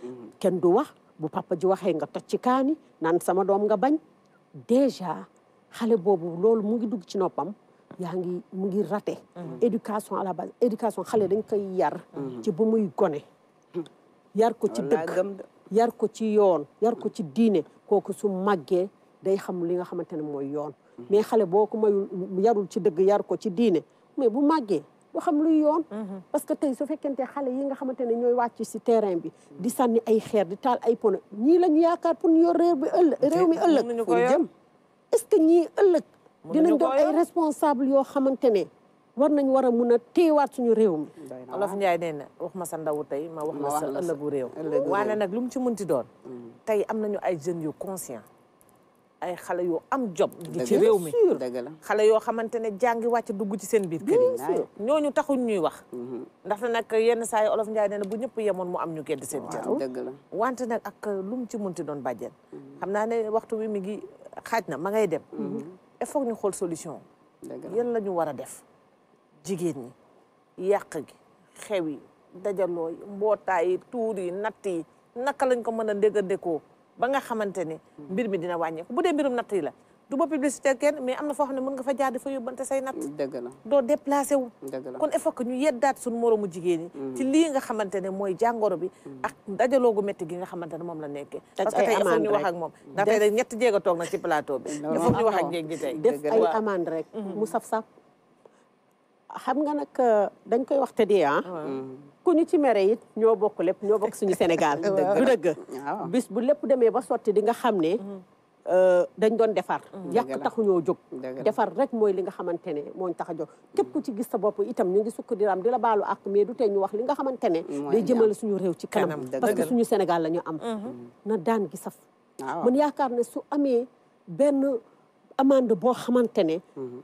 kenn du wax bu papa ji waxee nga toj ci kaani nan sama doom nga bañ. déjà xale boobu loolu mu ngi dugg ci noppam. yaa ngi mu ngi raté. éducation à la base éducation xale dañ koy yar. ci bu muy gone. yar ko ci dëgg yar ko ci yoon yar ko ci diine kooku su màggee day xam li nga xamante ne mooy yoon mm-hmm. mais xale boo ko mayul yarul ci dëgg yar ko ci diine mais bu màggee du xam lu yoon mm-hmm. parce que tey su fekkente xale yi nga xamante ne ñooy wàcc si terrain bi di sànni ay xeer di taal ay pono ñii la yaakaar pour ñu yor réew bi ëllëg réew mi ëllëg fu jëm est que ñii ëllëg dinañ doon ay responsable yoo xamante ne war nañ war a mun a téewaat suñu réew mi olof Njaay nee na wax ma sa ndaw tey ma wax ma sa ëllëgu réew waane nag lu mu ci mënti doon mm. tey am nañu ay jeunes yu conscient ay xale yoo am job gi ci réew mi xale yoo xamante ne jàngi wàcc dugg ci seen biir kër ñoo ñu taxuñ ñuy wax mm-hmm. ndax nag yenn saa yi olof Njaay nee na bu ñëpp yemoon mu am ñu gedd seen cër wante nag ak lu mu ci mënti doon bàjjen mm-hmm. xam naa ne waxtu wi mi ngi xaaj na ma ngay dem mm-hmm. il faut ñu xool solution yan la ñu war a def jigéen ñi yàq gi xew yi dajaloo mbootaay yi tuur yi natt yi naka lañ ko mën a déggandekoo ba nga xamante ne mbir mi dina wàññeeku bu dee mbirum natt yi la du ba publicité kenn mais am na foo xam ne mën nga fa jaar di fa yóbbante say natt dëgg la doo déplacé wu kon il faut que ñu yeddaat suñu moroomu jigéen yi mm. ci lii nga xamante ne mooy jàngoro bi mm. ak dajaloogu métti gi nga xamante ne moom la nekkee parce que tey il wax ak moom ndax tey rek ñetti jéeg ci plateau bi il rek mm-hmm. mu saf-saf xam nga nag euh, dañ koy wax te di ah. Mm. ku ñu ci mere it ñoo bokk lépp ñoo bokk suñu Sénégal. du dëgg ah. bis bu lépp demee ba sotti di nga xam ne. Mm. Euh, dañ doon defar. Mm. yàq taxuñoo jóg. defar rek mooy li nga xamante ne mooñ tax a jóg. képp ku ci gis sa bopp itam ñu ngi sukk di raam di la baalu ak mais du tey ñu wax li nga xamante ne. day jëmale suñu réew ci kanam. parce que suñu Sénégal la ñu am. Mm-hmm. na daan gi saf. Ah. man yaakaar ne su amee benn amande boo xamante ne. Mm-hmm.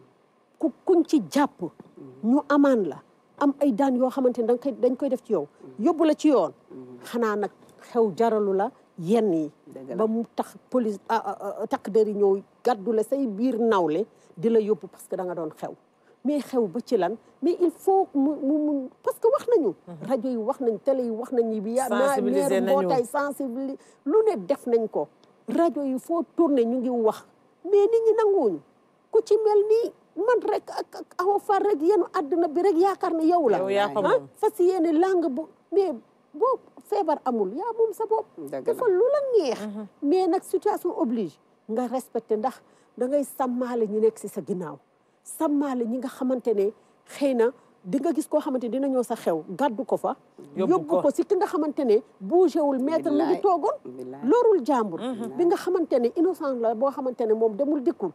ku kuñ ci jàpp ñu amaan la am ay daan yoo xamante ne dañ koy def ci yow yóbbu la ci yoon xanaa nag xew jaralu la yenn yi ba mu tax police ah, ah, ah, takk der yi ñëw gàddu la say biir naw nawle di la yóbbu parce que da nga doon xew mais xew ba ci lan mais il faut mu mu parce que wax nañu rajo yi wax nañ tele yi wax nañ bi yaa maire mbootaay sensibiliser lu ne def nañ ko rajo yi foo tourné ñu ngi wax mais nit ñi nanguwuñu ku ci mel nii man rek ak ak Awa Fall rek yenu àdduna bi rek yaakaar ne yow la ah fas yéene langue bu mais boo feebar amul yaa moom sa bopp dafa lu la neex mhm. mais nag situation oblige nga respecté ndax da ngay sàmmaale ñi nekk si sa ginnaaw sàmmaale ñi nga xamante ne xëy na di nga gis koo xamante dina ñëw sa xew gàddu ko fa yóbbu ko si ki nga xamante ne bougéwul maître mi ngi toogoon loorul jàmbur mhm. bi nga xamante ne innocent la boo xamante ne moom demul dikkul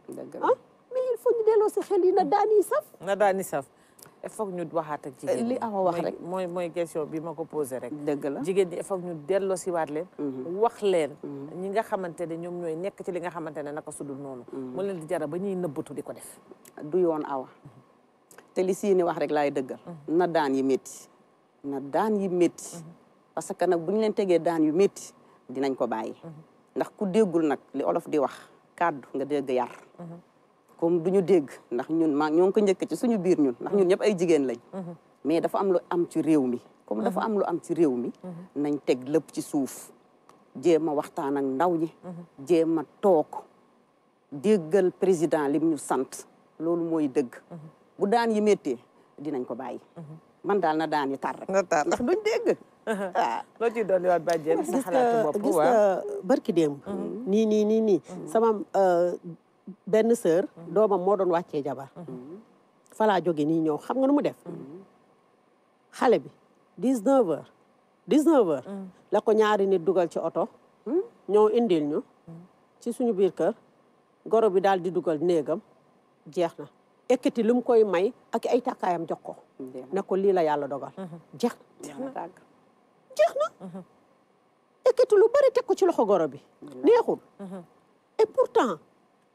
il faut ñu delloo si xel yi na daani saf. na daani saf il faut ñu waxaat ak jigéen li awa wax rek mooy mooy question bi ma ko posé rek. dëgg la jigéen ñi il ñu delloo si waat leen. Mhm. wax leen. Mhm. ñi nga xamante ne ñoom ñooy nekk ci li nga xamante ne naka sudul noonu. Mhm. mu leen di jara ba ñuy nëbbatu di ko def. du yoon awa. te li siini wax rek laay dëggal. na daan yi métti. na daan yi métti. parce que nag bu ñu leen tegee daan yu métti dinañ ko bàyyi. ndax ku déggul nag li olof di wax kàddu nga dégg yar. comme du ñu dégg ndax ñun maa ñoo ngi ko njëkk ci suñu biir ñun ndax ñun ñëpp ay jigéen lañ mhm. mais dafa am lu am ci réew mi comme dafa am lu am ci mhm. nañ teg lépp ci suuf jéem a waxtaan ndaw ñi mhm. jéem a toog déggal président lim ñu sant loolu mooy dëgg bu daan yi méttee dinañ ko bàyyi man daal na daan yi tar rek ndax duñ dégg waaw ah. loo ciy doon waat nii nii nii euh, benn sœur mhm. doomam moo doon wàccee jabar mhm. falaa jóge nii ñëw xam nga nu mu def mhm. xale bi dix neuf la ko ñaari nit dugal ci oto ñëw indil ñu ci suñu biir kër goro bi daal di dugal néegam jeex na ekkati lu mu koy may ak ay takkaayam jox ko ne ko lii la yàlla dogal jeex na jeex bari teg ko ci loxo goro bi neexul et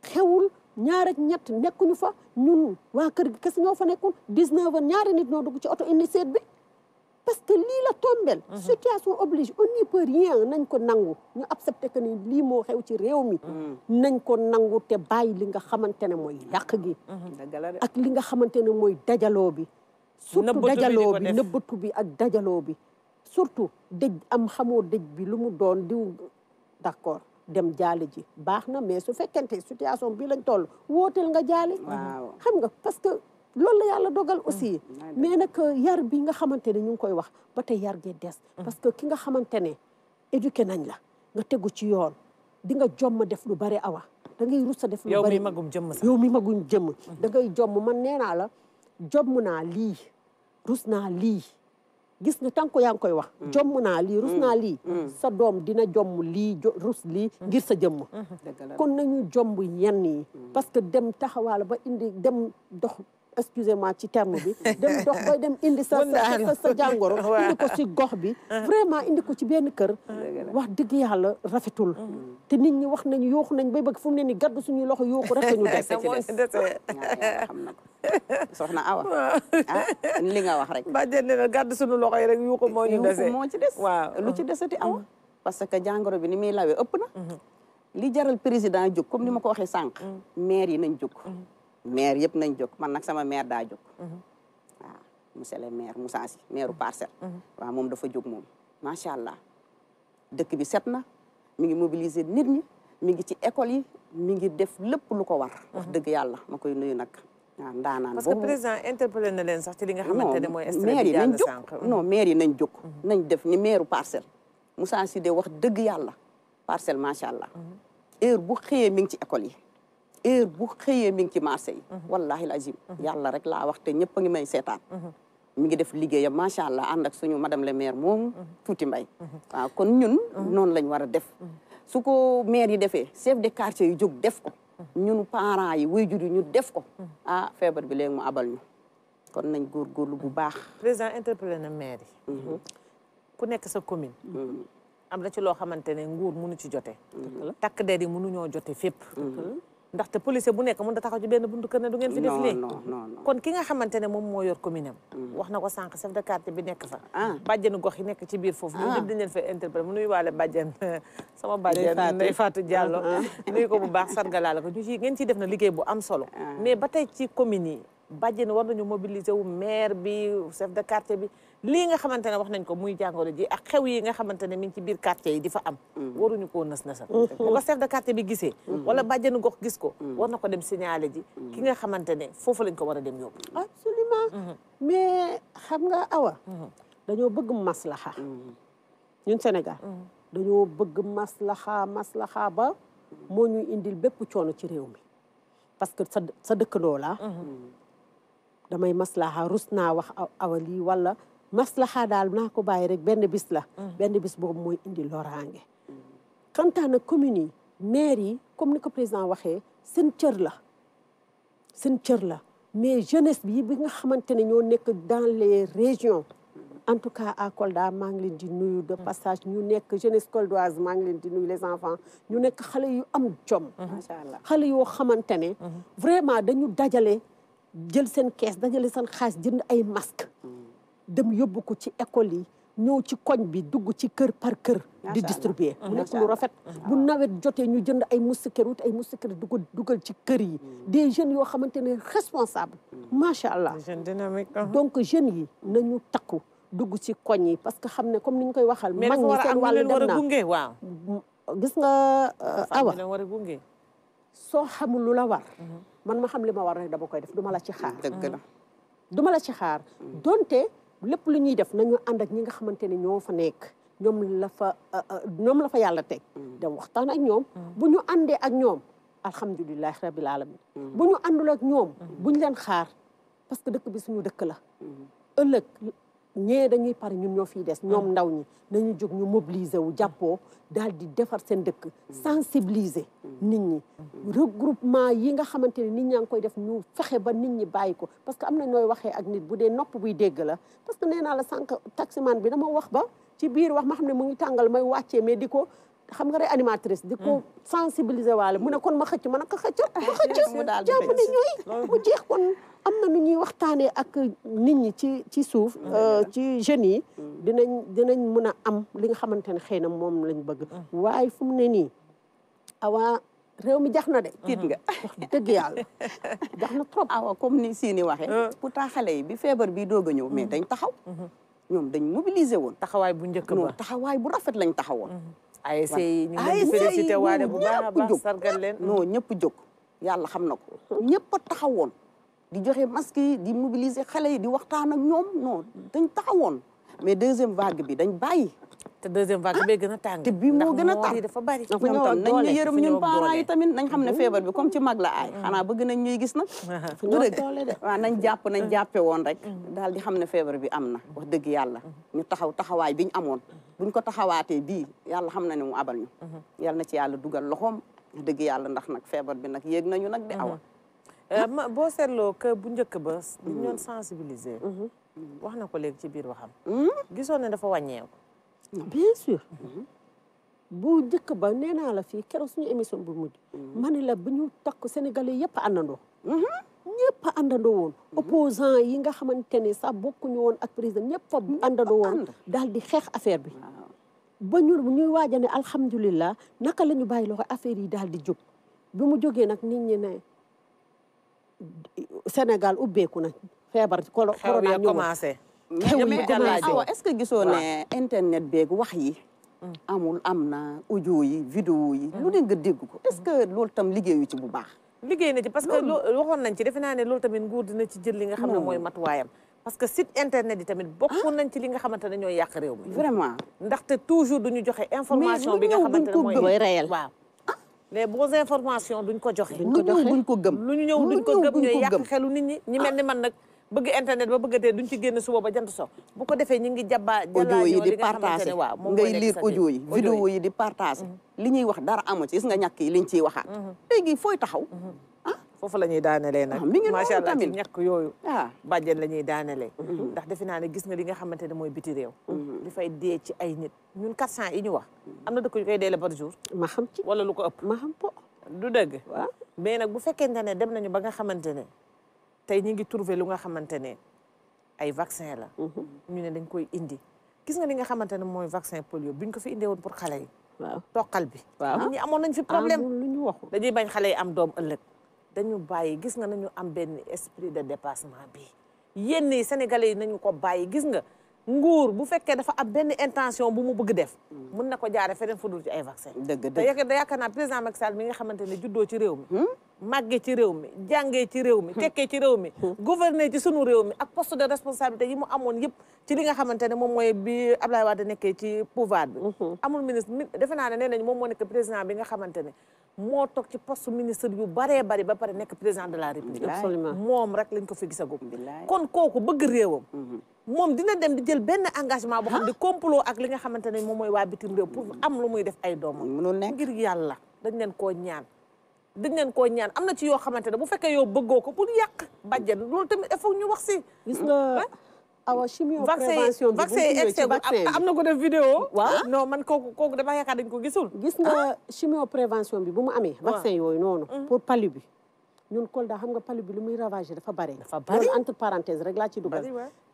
xewul ñaar ñett nekkuñu fa ñun waa kër gi kese ñoo fa nekkul 19 heures ñaari nit ñoo dugg ci oto indi seet bi parce que lii la tombel mhm. situation oblige on n'y peut rien nañ ko nangu ñu accepté que ni lii moo xew ci réew mi mhm. nañ ko nangu te bàyyi li nga xamante ne mooy yàq gi mhm. ak li nga xamante ne mooy dajaloo bi surtout dajaloo bi nëbbatu bi ak dajaloo bi surtout dëj am xamoo dëj bi lu mu doon diw d'accord dem jaale ji baax na mais su fekkente situation bi lañ toll wóotal nga jaale xam nga parce que loolu la yàlla dogal mm, aussi mm, mais nag euh, yar bi nga xamante ne ñu ngi koy wax ba tey yar gi des mm. parce que ki nga xamante ne éduqué nañ la nga tegu ci yoon di nga jomm def lu bari awa dangay ngay rus def lu bari yow mi magum jëmm sax yow mi magum jëmm da ngay jomm man nee naa la jomm naa lii rus naa lii gis nga tànk yaa ngi koy wax mm. jomm naa lii rus mm. naa lii mm. sa doom dina jommu lii rus lii ngir sa jëmm kon nañu jomb yenn yi parce que dem taxawaal ba indi dem dox excusez-moi ci terme bi dem dox bay dem indi sa sa sa jàngoro indi ko ci gox bi vraiment indi ko ci benn kër wax dëgg yàlla rafetul mm. te nit ñi wax nañ yooxu nañ bay bëgg fu mu ne ni gaddu suñuy loxo yooxu rek ñu des xam na soxna Awa ah li nga wax rek bàjjen ne gàddu suñu loxo yi rek yuuxu moo ñu dese ci des waaw lu ci desati Awa mm-hmm. parce que jàngoro bi ni muy lawe ëpp na mm-hmm. li jaral président jóg comme ni ma ko waxee sànq mm-hmm. maire yi nañ jóg maire yëpp nañ jóg man nag sama maire daa jóg. Mhm. waaw monsieur le maire Moussa Sy maireu parcelle. Mhm. waaw moom dafa jóg moom macha allah dëkk bi set na mi ngi mobiliser nit ñi mi ngi ci école yi mi ngi def lépp lu ko war. wax mhm. dëgg yàlla ma koy nuyu nag. waaw ndaanaan boobu parce que président na leen sax ci li nga xamante ne mooy. maire yi nañ jóg non maire yi nañ jóg. nañ def ni maireu parcelle Moussa Sy de wax dëgg yàlla parcelle macha allah. heure bu xëyee mi ngi ci école yi. heure bu xëyee mi ngi ci marché yi mhm. wallahi lazim mhm. yàlla rek laa wax te ñëpp ngi may seetaan mhm. mi ngi def liggéeyam macha allah ànd ak suñu madame le maire moom tuuti mbay waaw kon ñun noonu lañ war a def su ko maire yi defee chef de quartier yi jóg def ko ñun parents yi waajur yi ñu def ko ah feebar bi léegi mu abal ñu kon nañ góorgóorlu bu baax président interpellé na maire yi ku nekk sa commune am na ci loo xamante ne nguur mënu ci jote takk der yi mënuñoo jote fépp ndaxte policier bu nekk mën da taxaw ci benn buntu kër ne du ngeen fi def lii kon ki nga xamante moom moo yor commune am mm. wax na ko sànq chef de quartier bi nekk fa ah. bàjjenu gox yi nekk ci biir foofu ñu ñëpp ah. dañ leen fay interpellé mu nuyu waale bàjjen sama bàjjen Ndeye Fatou Diallo ah. ko bu baax sargalaale ko ñu ci ngeen ci def na liggéey bu am solo mais ba tey ci commune yi bàjjen war nañu mobiliser wu maire bi chef de quartier bi lii nga xamante ne wax nañ ko muy jàngoro ji a xew yi nga xamante ne mi ngi ci biir quartier yi di fa am mm-hmm. waruñu koo nas nasal mm-hmm. bu ko chef de quartier bi gisee mm-hmm. wala bàjjenu gox gis ko war na ko dem signaler ji ki nga xamante ne foofu lañ ko war a dem yóbbu absolument mais xam nga awa dañoo bëgg maslaxa ñun senegal dañoo bëgg maslaxa maslaxa ba moo ñu indil bépp coono ci réew mi parce que sa sa dëkkandoo laa damay maslaxa rus naa wax awa lii wala مصلحة دال منكو بايرك بند بسلا بند بس بوم موي إندي لورانج. كنت أنا كوميني ميري كوميني كبريزان وخي سنترلا سنترلا. مي جنس بي بيغا خمانتيني ньо نيك دان لي ريجيون ان توكا ا كولدا مانغلين دي نويو دو باساج ньо نيك جنس كولدواز مانغلين دي نويو لي زانفان ньо نيك خالي يو ام جوم ما شاء الله خالي يو خمانتيني فريمان دانيو داجالي جيل سن كيس داجالي سن خاص جند اي ماسك dem yóbbu ko ci école yi ñëw ci koñ bi dugg ci kër par kër di distribuer mu nekk lu rafet bu nawet jotee ñu jënd ay moustiquaire wut ay moustiquaire dugg dugal ci kër yi hmm. des jeunes yoo xamante ne responsable hmm. macha allah uh-huh. donc jeunes yi na nañu takku dugg ci koñ yi parce que xam ne comme ni ñu koy waxal mag ñi seen wàllu dem naa waaw hmm, gis nga euh, awa soo xamul lu la war uh-huh. man ma xam li ma war rek dama koy def du ma la ci xaar dëgg la du ma la ci xaar donte lépp lu ñuy def nañu ànd ak ñi nga xamante ne ñoo fa nekk ñoom la fa euh, euh, ñoom la fa yàlla teg mm. dem waxtaan ak ñoom mm. bu ñu àndee ak ñoom alhamdulilahi rabil alamin mm. bu ñu àndul ak ñoom buñ leen xaar parce que dëkk bi suñu dëkk la ëllëg ñee dañuy pare ñun ñoo fiy des ah. ñoom ndaw ñi nañu jóg ñu mobiliser wu jàppoo daal di defar seen dëkk hmm. sensibiliser hmm. nit ñi hmm. regroupement yi nga xamante ne nit ñaa ngi koy def ñu fexe ba nit ñi bàyyi ko parce que am na nooy waxee ak nit bu dee nopp buy dégg la parce que nee naa la sànq taximan bi dama wax ba ci biir wax ma xam ne mu ngi tàngal may wàccee mais di ko xam nga réanimatrice di ko hmm. sensibiliser waale mu ne kon ma xëcc ma nag ko xëcc ma xëcc jàmm ne mu jeex kon am na nu ñuy waxtaanee ak nit ñi ci ci suuf euh, ci jeunes yi hmm. dinañ dinañ mën a am li nga xamante ne xëy na moom lañ bëgg hmm. waaye fu mu ne nii awa réew mi jax na de tiit nga wax dëgg yàlla jax na trop awa comme ni siini waxee pourtant xale yi bi feebar bi doog a ñëw mais dañ taxaw ñoom dañ mobiliser woon taxawaay bu njëkk ba taxawaay bu rafet lañ taxawoon ASC yi ñu ngi félicité waale bu baax a baax sargal leen non ñëpp jóg yàlla xam na ko ñëpp a taxawoon di joxe masque yi di mobiliser xale yi di waxtaan ak ñoom non dañ taxawoon mais deuxième vague bi dañ bàyyi te deuxième vague bee gën a tàng. te bii moo gën a tàng dafa bari. ñoom tam nañ ñu yërëm ñun parents yi tamit nañ xam ne feebar bi comme ci mag la aay. xanaa bëgg nañ ñuy gis nag. du dëgg waaw nañ jàpp nañ jàppe woon rek. daal di xam ne feebar bi am na wax dëgg yàlla. ñu taxaw taxawaay bi ñu amoon. buñ ko taxawaatee bii yàlla xam na ne mu abal yàlla na ci yàlla dugal loxoom. dëgg yàlla ndax nag feebar bi nag yéeg nañu nag di awa. Eh, boo seetloo que bu njëkk ba. ñu sensibiliser. wax na ko léegi ci biir waxam. gisoon ne dafa wàññeeku bien sûr bu njëkk ba nee naa la fii keroog suñu émission bu mujj mhm. ma ne la bu ñu takk sénégalais yëpp àndandoo mhm. ñëpp àndandoo woon mhm. opposant yi nga xamante ne sax bokkuñu woon ak président ñëpp fa àndandoo woon daal di xeex affaire bi ba ñu ñuy waaja ne naka lañu ñu bàyyi loxo affaire yi daal di jog bi mu jogee nag nit ñi ne Sénégal ubbeeku na feebar corona ñëw commencé awa est-ce que gisoo ne internet beeg wax yi amul am na audio yi vidéo yi lu ne nga dégg ko est-ce que loolu tam liggéeyu ci bu baax liggéey na ci parce que loolu waxoon nañ ci defe naa ne lool tamit nguur dina ci jël li nga xam ne mooy matuwaayam parce que site internet yi tamit bokk ah. nañ ci li nga xamante ne ñooy yàq réew mi vraiment ndaxte toujours duñu joxe information bi nga xamante ne mooy réel waaw les ah. bonnes informations duñ ko joxe duñ ko duñ ko gëm lu ñu ñëw duñ ko gëm ñooy yàq xelu nit ñi ñi mel ni man nag bëgg internet ba bëggatee duñ ci génn suba ba jant so bu ko defee ñu ngi jabbaa yi di partager waaw mm-hmm. ngay lire audio yi vidéo li ñuy wax dara amu ci gis nga ñàkk yi liñ ciy waxaat mm-hmm. léegi mm-hmm. ah? la ñuy daanelee nag ah, mi ngi macha allah ah. naa ne gis nga li nga xamante ne mooy biti réew li fay dee ci ay nit ñun 400 yi ñu wax am na dëkk yu koy deele par jour ma xam ci wala lu ko ëpp ma xam po du dëgg waaw nag bu fekkente ne dem nañu ba nga xamante ne tey ñu ngi trouvé lu nga xamante ne ay vaccin la. Mhm. ñu ne dañ koy indi. gis nga li nga xamante ne mooy vaccin polio bi ñu ko fi indee woon pour xale yi. waaw toqal bi. waaw amoon nañ fi problème lu ñu wax dañuy bañ xale yi am doom ëllëg. dañu bàyyi gis nga nañu am benn esprit de dépassement bi yéen ñi sénégalais yi nañu ko bàyyi gis nga nguur bu fekkee dafa am benn intention bu mu bëgg def. Mm. mun na ko jaare feneen fu dul ci ay vaccin. dëgg dëgg naa président Macky mi nga xamante ne juddoo ci réew mi. Hmm? màggee ci réew mi jàngee ci réew mi hmm. tekkee ci réew mi hmm. gouverner ci sunu réew mi ak poste de responsabilité yi mu amoon yëpp ci li nga xamante ne moom mooy bi Abdoulaye Wade nekkee ci pouvoir bi hmm. defe naa ne nee nañ moom moo nekk président bi nga xamante ne moo toog ci poste yu baree bari ba pare nekk président de la république moom rek lañ ko fi gisagum kon kooku bëgg réewam moom dina dem di jël benn engagement boo xam ne ah. complot ak li xamante ne moom mooy waa bitim réew pour am lu muy def ay doomam ngir yàlla dañ leen koo ñaan dañ leen koo ñaan am na ci yoo xamante ne bu fekkee yow bëggoo ko pour yàq bàjjen loolu tamit il faut ñu wax si. gis nga awa chimio prévention bi vaccin yi excès am na ko def vidéo. waaw non man kooku kooku dafa yaakaar dañ ko gisul. gis nga chimio prévention bi bu mu amee. vaccin yooyu noonu. pour palu bi. ñun Kolda xam nga palu bi lu muy ravagé dafa bare. dafa bare loolu entre parenthèse rek laa ci dugal.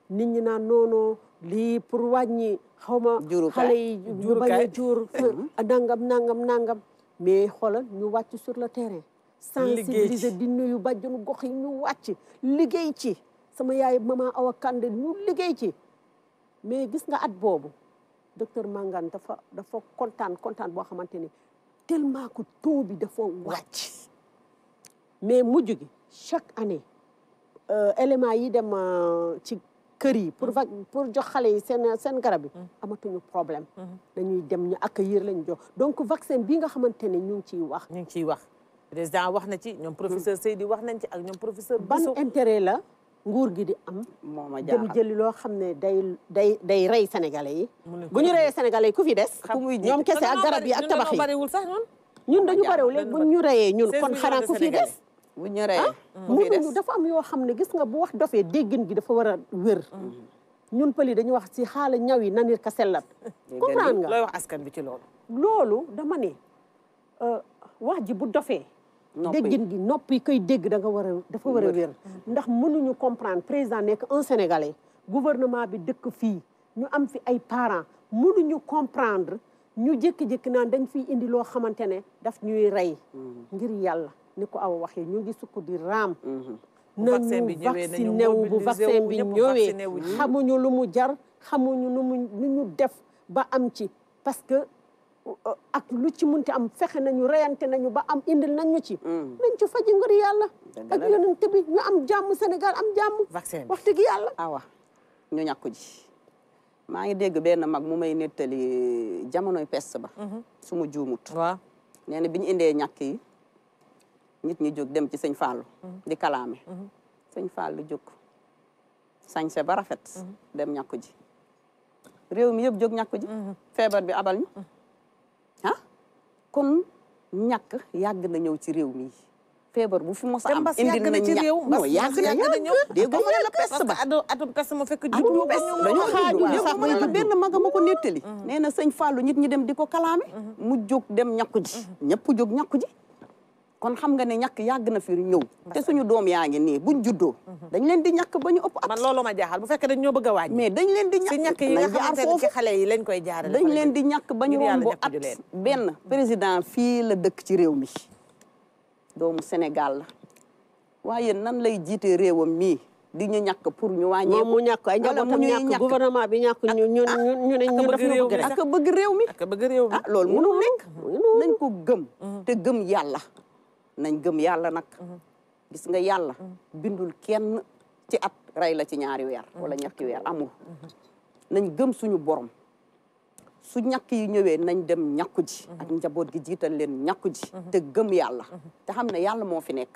nit ñi naan noonu li pour wàññi. xaw ma xale yi ñu bañ a jur. nangam nangam nangam. mais xoolal ñu wàcc sur le terrain sensibiliser di nuyu bàjjenu gox yi ñu wàcc liggéey ci sama yaay maman Awa Kande mu liggéey ci mais gis nga at boobu docteur Mangane dafa dafa kontaan kontaan boo xamante ni tellement que taux bi dafa wàcc mais mujj gi chaque année euh, éléments yi dem euh, ci kër yi pour mm. va pour jox xale yi seen seen garab yi mm. amatuñu problème mm-hmm. dañuy dem ñu accueillir lañu jox donc vaccin bi nga xamante ne ñu ngi ciy wax ñu ngi ciy wax président wax na ci ñoom professeur mm. Seydi wax nañ ci ak ñoom professeur ban intérêt la nguur gi di am mooma jaaxal dem jëli loo xam ne day day day rey sénégalais yi bu ñu reyee sénégalais yi ku fi des ñoom kese ak garab yi ak tabax yi ñun dañu bariwul léegi ñu reyee ñun kon xanaa ku fi des bu ñoree mu dund dafa am yoo xam ne gis nga bu wax dofee déggin gi dafa war a wér mm. ñun pëli dañuy wax si xaala ñaw yi nanir ka sellat comprendre nga looy wax askan bi ci loolu loolu dama ne euh, wax ji bu dofee déggin gi nopp yi koy dégg da nga war a dafa war a wér mm. ndax mënuñu comprendre président nekk un sénégalais gouvernement bi dëkk fii ñu am fi ay parents mënuñu comprendre ñu jékki-jékki naan dañ fiy indi loo xamante ne daf ñuy rey mm. ngir yàlla ni ko aw waxe ñu ngi sukk di raam mhm. nañu vacciné wu bu vaccin bi ñëwee xamuñu lu mu jar xamuñu lu mu lu ñu def ba am ci parce que euh, ak lu ci munti am fexe nañu reyante nañu ba am indil nañu ci mhm. nañ ci faji ngir yàlla ak yonent bi ñu am jàmm Sénégal am jàmm vaccin wax dëgg yàlla awa ñu ñàkku ji maa ngi dégg benn mag mu may nettali euh, jamonoy peste ba mhm. su bi ñu indee ñàkk yi nit ñi jóg dem ci sëñ Fallou mhm. di kalaame mhm. sëñ Fallou jóg sañse ba rafet mhm. dem ñàkku ji réew mi yëpp jóg ñàkku ji feebar bi abal ñu ah kon ñàkk yàgg na ñëw ci réew mi feebar bu fi mos a am indi nañ ñàkk mbas yàgg na ñëw déggoo ma ne la peste ba atum peste ma fekk juddu dañoo xaaju sax ma ne la benn ko nettali nee na sëñ Fallou nit ñi dem di ko kalaame mu jóg dem ñàkku ji ñëpp jóg ñàkku ji kon xam nga ne ñàkk yàgg na fi ñëw te suñu doom yaa ngi nii buñ juddoo mhm. dañ leen di ñàkk ba ñu ëpp at man ma jaaxal bu fekkee dañ ñoo bëgg a dañ leen di ñàkk si ñàkk yi nga xale yi lañ koy jaarale dañ leen di ñàkk ba ñu romb at benn mhm. président fii la dëkk ci réew mi doomu Sénégal la waaye nan lay jiite réewam mii di ñu ñàkk pour ñu wàññi moom mu ñàkk ay njabootam ñàkk bi ñàkk ñu ñu ñu ne ñu def ñu bëgg ak bëgg réew mi ak bëgg réew mi ah loolu mënul nekk nañ ko gëm mhm. te gëm yàlla nañ gëm yàlla nag mm-hmm. gis nga yàlla mm-hmm. bindul kenn ci at rey la ci ñaari weer mm-hmm. wala ñetti weer amul nañ gëm suñu borom su ñàkk yi ñëwee nañ dem ñàkku ji ak njaboot gi jiital leen ñàkku ji te gëm yàlla te xam ne yàlla moo fi nekk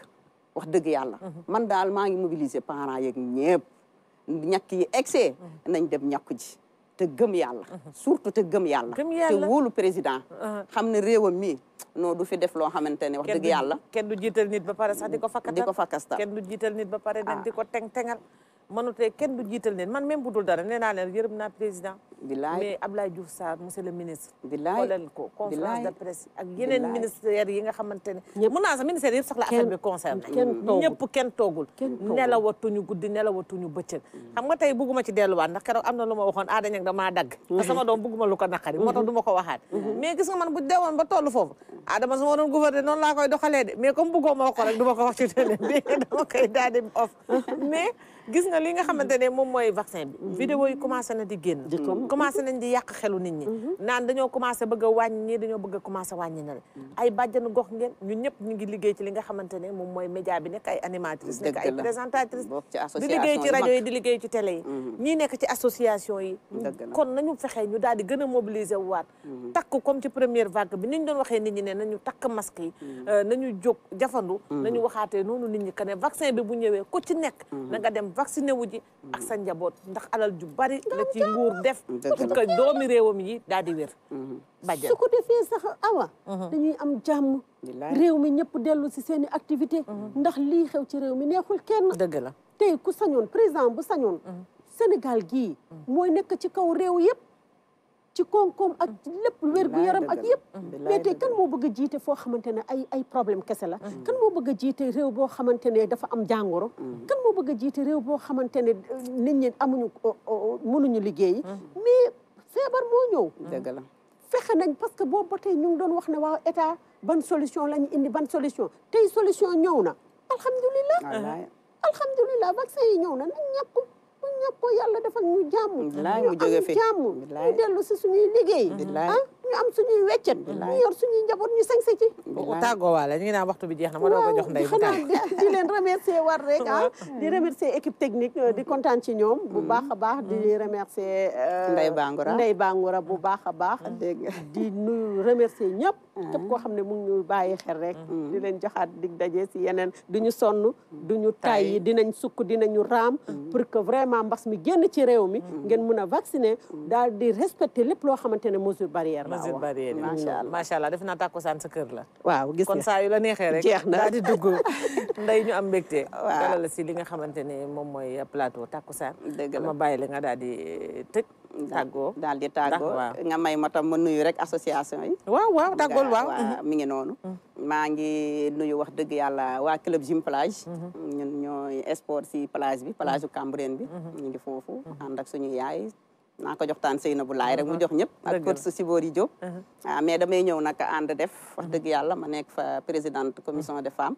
wax dëgg yàlla man daal maa ngi mobiliser parents yeeg ñëpp ñàkk yi excès nañ dem ñàkku ji te gëm yàlla. Mhm. surtout te gëm yàlla. gëm yàlla te wóolu président. Mhm. xam ne réewam mii non du fi def loo xamante ne wax dëgg yàlla. kenn du jiital nit ba pare sax di ko fakkatal di ko fakkatal. kenn du jiital nit ba pare dem ah. di ko teng tengal. mënutee kenn du jiital leen man même bu dul dara nee naa leen yërëm naa président. bilaay mais Abdoulaye Diouf Sarr monsieur le ministre. bilaay xoolal ko conférence de presse ak yeneen ministères yi nga xamante ne. ñëpp mun naa sax ministère yëpp sax la affaire bi concerné. kenn toogul ñëpp kenn toogul. kenn toogul nelawatuñu guddi nelawatuñu bëccëg. xam nga tey bugguma ci delluwaat ndax keroog am na lu ma waxoon aada ñag damaa dagg. te mm-hmm. sama doom bugguma lu ko naqari. moo tax du ma ko waxaat. Mm-hmm. mais gis nga man bu deewoon ba toll foofu. adama su ma doon gouverner noonu laa koy doxalee de mais comme buggoo ma wax ko rek du ma ko wax ci télé bi dama koy daal di off mais gis nga li nga xamante ne moom mooy vaccin bi mm-hmm. vidéo yi commencé na di génn commencé nañ di yàq xelu nit ñi mm-hmm. naan dañoo commencé bëgg a wàññi ñii dañoo bëgg a commencé wàññi na mm-hmm. ay bàjjanu gox ngeen ñëpp ñu ngi liggéey ci li nga xamante ne moom mooy média bi nekk ay animatrice nekk ay présentatrice di liggéey ci rajo yi di liggéey ci télé yi ñii nekk ci association yi kon nañu fexe ñu daal di gën a mobiliser waat takk comme ci première vague bi niñ doon waxee nit ñi ne nañu takk masque yi euh, nañu jóg jafandu nañu waxaatee noonu nit ñi que ne vaccin bu ñëwee ku ci nekk na nga dem continué wu ji ak sa njaboot ndax alal ju bari la ci nguur def pour que doomi réewam yi daal di wér mhm. bàjjal su ko defee sax awa mhm. dañuy am jàmm réew mi ñëpp dellu si seen i activité mhm. ndax lii xew ci réew mi neexul kenn dëgg la tey ku sañoon président bu sañoon Sénégal gi mooy nekk ci kaw réew yëpp ci koom-koom ak lépp wér gu yaram ak yëpp mais tey kan moo bëgg a jiite foo xamante ne ay ay problème kese la mm-hmm. kan moo bëgg a jiite réew boo xamante ne dafa am jàngoro mm-hmm. kan moo bëgg jiite réew boo xamante ne euh, nit ñi amuñu euh, euh, mënuñu liggéey mm-hmm. mais feebar moo ñëw dëgg la fexe nañ parce que boobu ba tey ñu ngi doon wax ne waa état ban solution lañu indi ban solution tey solution ñëw na alhamdulilah alhamdulilah vaccin yi ñëw na nañ ñàkku ñun ñëpp yàlla defal ñu jàmm. ñu am jàmm ñu dellu si suñuy liggéey. ah ñu am suñuy weccet ñu yor suñuy njaboot ñu sañse ci tàggoo waale ñu ngi naan waxtu bi jeex na ma doog a jox ndey xanaa di leen remercier war rek ah. di remercier équipe technique euh, di kontaan ci ñoom bu mm. baax a baax di mm. remercier euh, Ndey Bangoura Ndey Bangoura bu baax a baax mm. di nuyu remercier ñëpp képp koo xam ne mu ñu bàyyi xel rek di leen joxaat dig daje si yeneen du ñu sonn du ñu tàyyi dinañ sukk dinañu raam pour que vraiment mbas mi génn ci réew mi ngeen mun a vacciner daal di respecter lépp loo xamante ne mesure barrière mesure barrière macha allah macha allah def naa tàkkusaan sa kër la waaw gis nga kon saa yu la neexee rek jeex na daal di dugg nday ñu am mbégte waaw la si li nga xamante ne moom mooy plateau tàkkusaan dëgg la ma bàyyi la nga daal di eh, tëj tàggoo daal di nga may ma tam ma nuyu rek association yi waaw waaw tàggool waaw mm-hmm. mi ngi noonu mm-hmm. maa ngi nuyu wax dëgg yàlla waa club gym plage mm-hmm. ñun ñooy sport si plage bi plage u bi ñu ngi foofu ànd suñu yaay naa ko jox taan bu Laye rek mu jox ñëpp ak coach Sibori Diop ah mais damay ñëw nag ànd def wax dëgg yàlla ma nekk fa présidente commission de femmes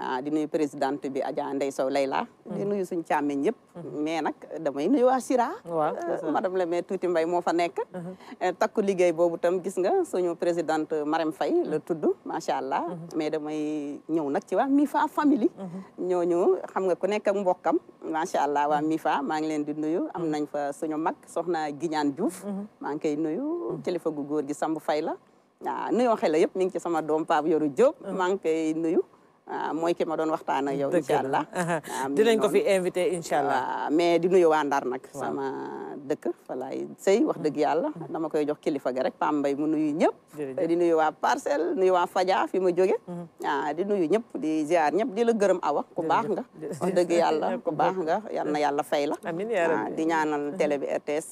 ah di nuyu présidente bi Adja Sow Layla di nuyu suñ càmmeñ yëpp mais nag damay nuyu waa Sira ah, madame le maire Tuuti Mbay moo fa nekk eh, takku liggéey boobu tam gis nga suñu présidente Marème fay la tudd macha allah mais damay ñëw nag ci waa mi fa ñëw ñooñu xam nga ku nekk ak mbokkam macha allah waa mm-hmm. MIFA maa ngi leen di nuyu am mm-hmm. nañ fa suñu mag soxna Guignane Diouf mm-hmm. maa ngi koy nuyu kilifa gu góor gi Samb Fay la waaw nuyoo xel yëpp mi ngi ci sama doom Pape Yoru Diop maa ngi koy nuyu mooy ki ma doon waxtaan ak yow incha allah dinañ ko fi invité incha allah mais di nuyu wa Ndar nag sama dëkk fa laay sey wax dëgg yalla dama koy jox kilifa ga rek bay mu nuyu ñëpp di nuyu wa parcel nuyu wa faja fi mu joggé ah di nuyu ñëpp di ziar ñëpp di la gërëm awa ku baax nga wax dëgg yalla ku baax nga yalla na fay la di ñaanal télé bi RTS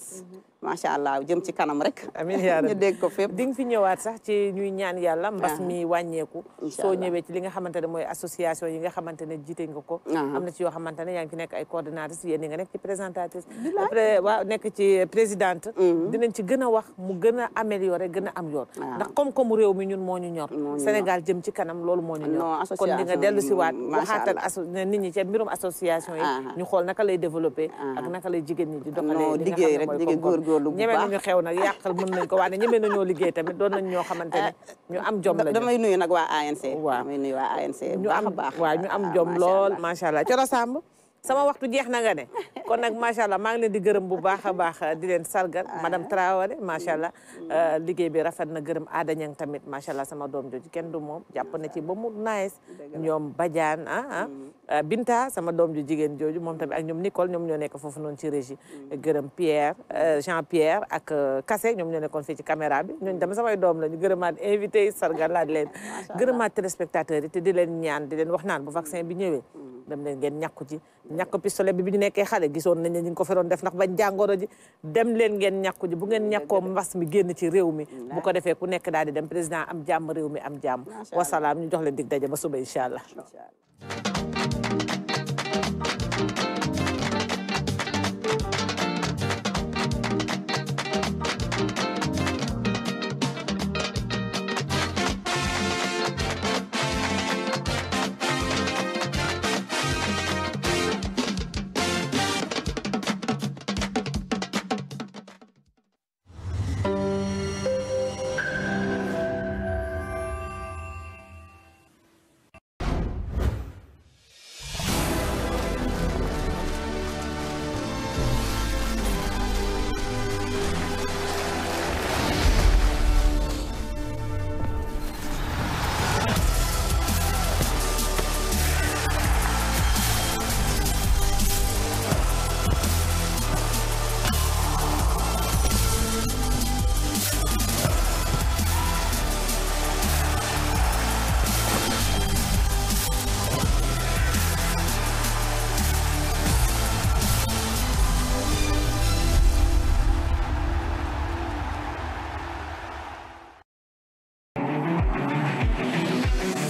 sha allah jëm ci kanam rek amin ya rabbi ñu dégg ko fep di nga fi ñëwaat sax ci ñuy ñaan yalla mbass mi wañéku so ñëwé ci li nga xamantene moy association yi nga xamantene jité nga ko amna ci yo xamantene ay coordinatrice yeen nga nekk ci présentatrice nekk ci présidente mhm. dinañ ci gën a wax mu gën a amélioré gën a am yoon ndax koom-koomu réew mi ñun moo ñu ñor Sénégal jëm ci kanam loolu moo ñu ñor kon di nga dellu si waat waxaatal nit ñi ci mbirum association yi ñu xool naka lay développé ak naka lay jigéen ñi di doxalee liggéey rek liggéey góorgóorlu bu baax ñeme nañu xew nag yàqal mën nañ ko waaye ñeme nañoo liggéey tamit doon nañ ñoo xamante ne ñu am jom la damay nuyu nag waa ANC waaw damay nuyu waa ANC ñu am baax waaw ñu am ah, jom lool allah Coro Samb sama waktu jeex na nga ne kon nak machallah allah ngi di gërëm bu baax a di len sargal ah. madame Traoré machallah allah mm. euh, liggéey bi rafet na gërëm Aada tamit machallah sama dom jooju ken du mom japp na ci ba mu nice ñom badian ah ah mm. euh, Binta sama dom ju jigéen jooju nikol tamit ak ñom Nicole ñom ñoo nek fofu non ci régie mm. gërëm Pierre euh, Jean Pierre ak Kassé ñom ñoo nekkon fi ci caméra bi ñooñu tamit sama dom la ñu gërëmaat invité yi la di len gërëmaat téléspectateur yi te di len ñaan di len wax naan bu vaccin bi dem leen ngeen ñàkku ci ñàkk pistolet bi bi ñu nekkee xale gisoon nañ ne ñu ngi ko feroon def ndax bañ jàngoro ji dem leen ngeen ñàkku ji bu ngeen ñàkkoo mbas mi génn ci réew mi bu ko defee ku nekk daal di dem président am jàmm réew mi am jàmm wasalaam ñu jox leen dig daje ba suba incha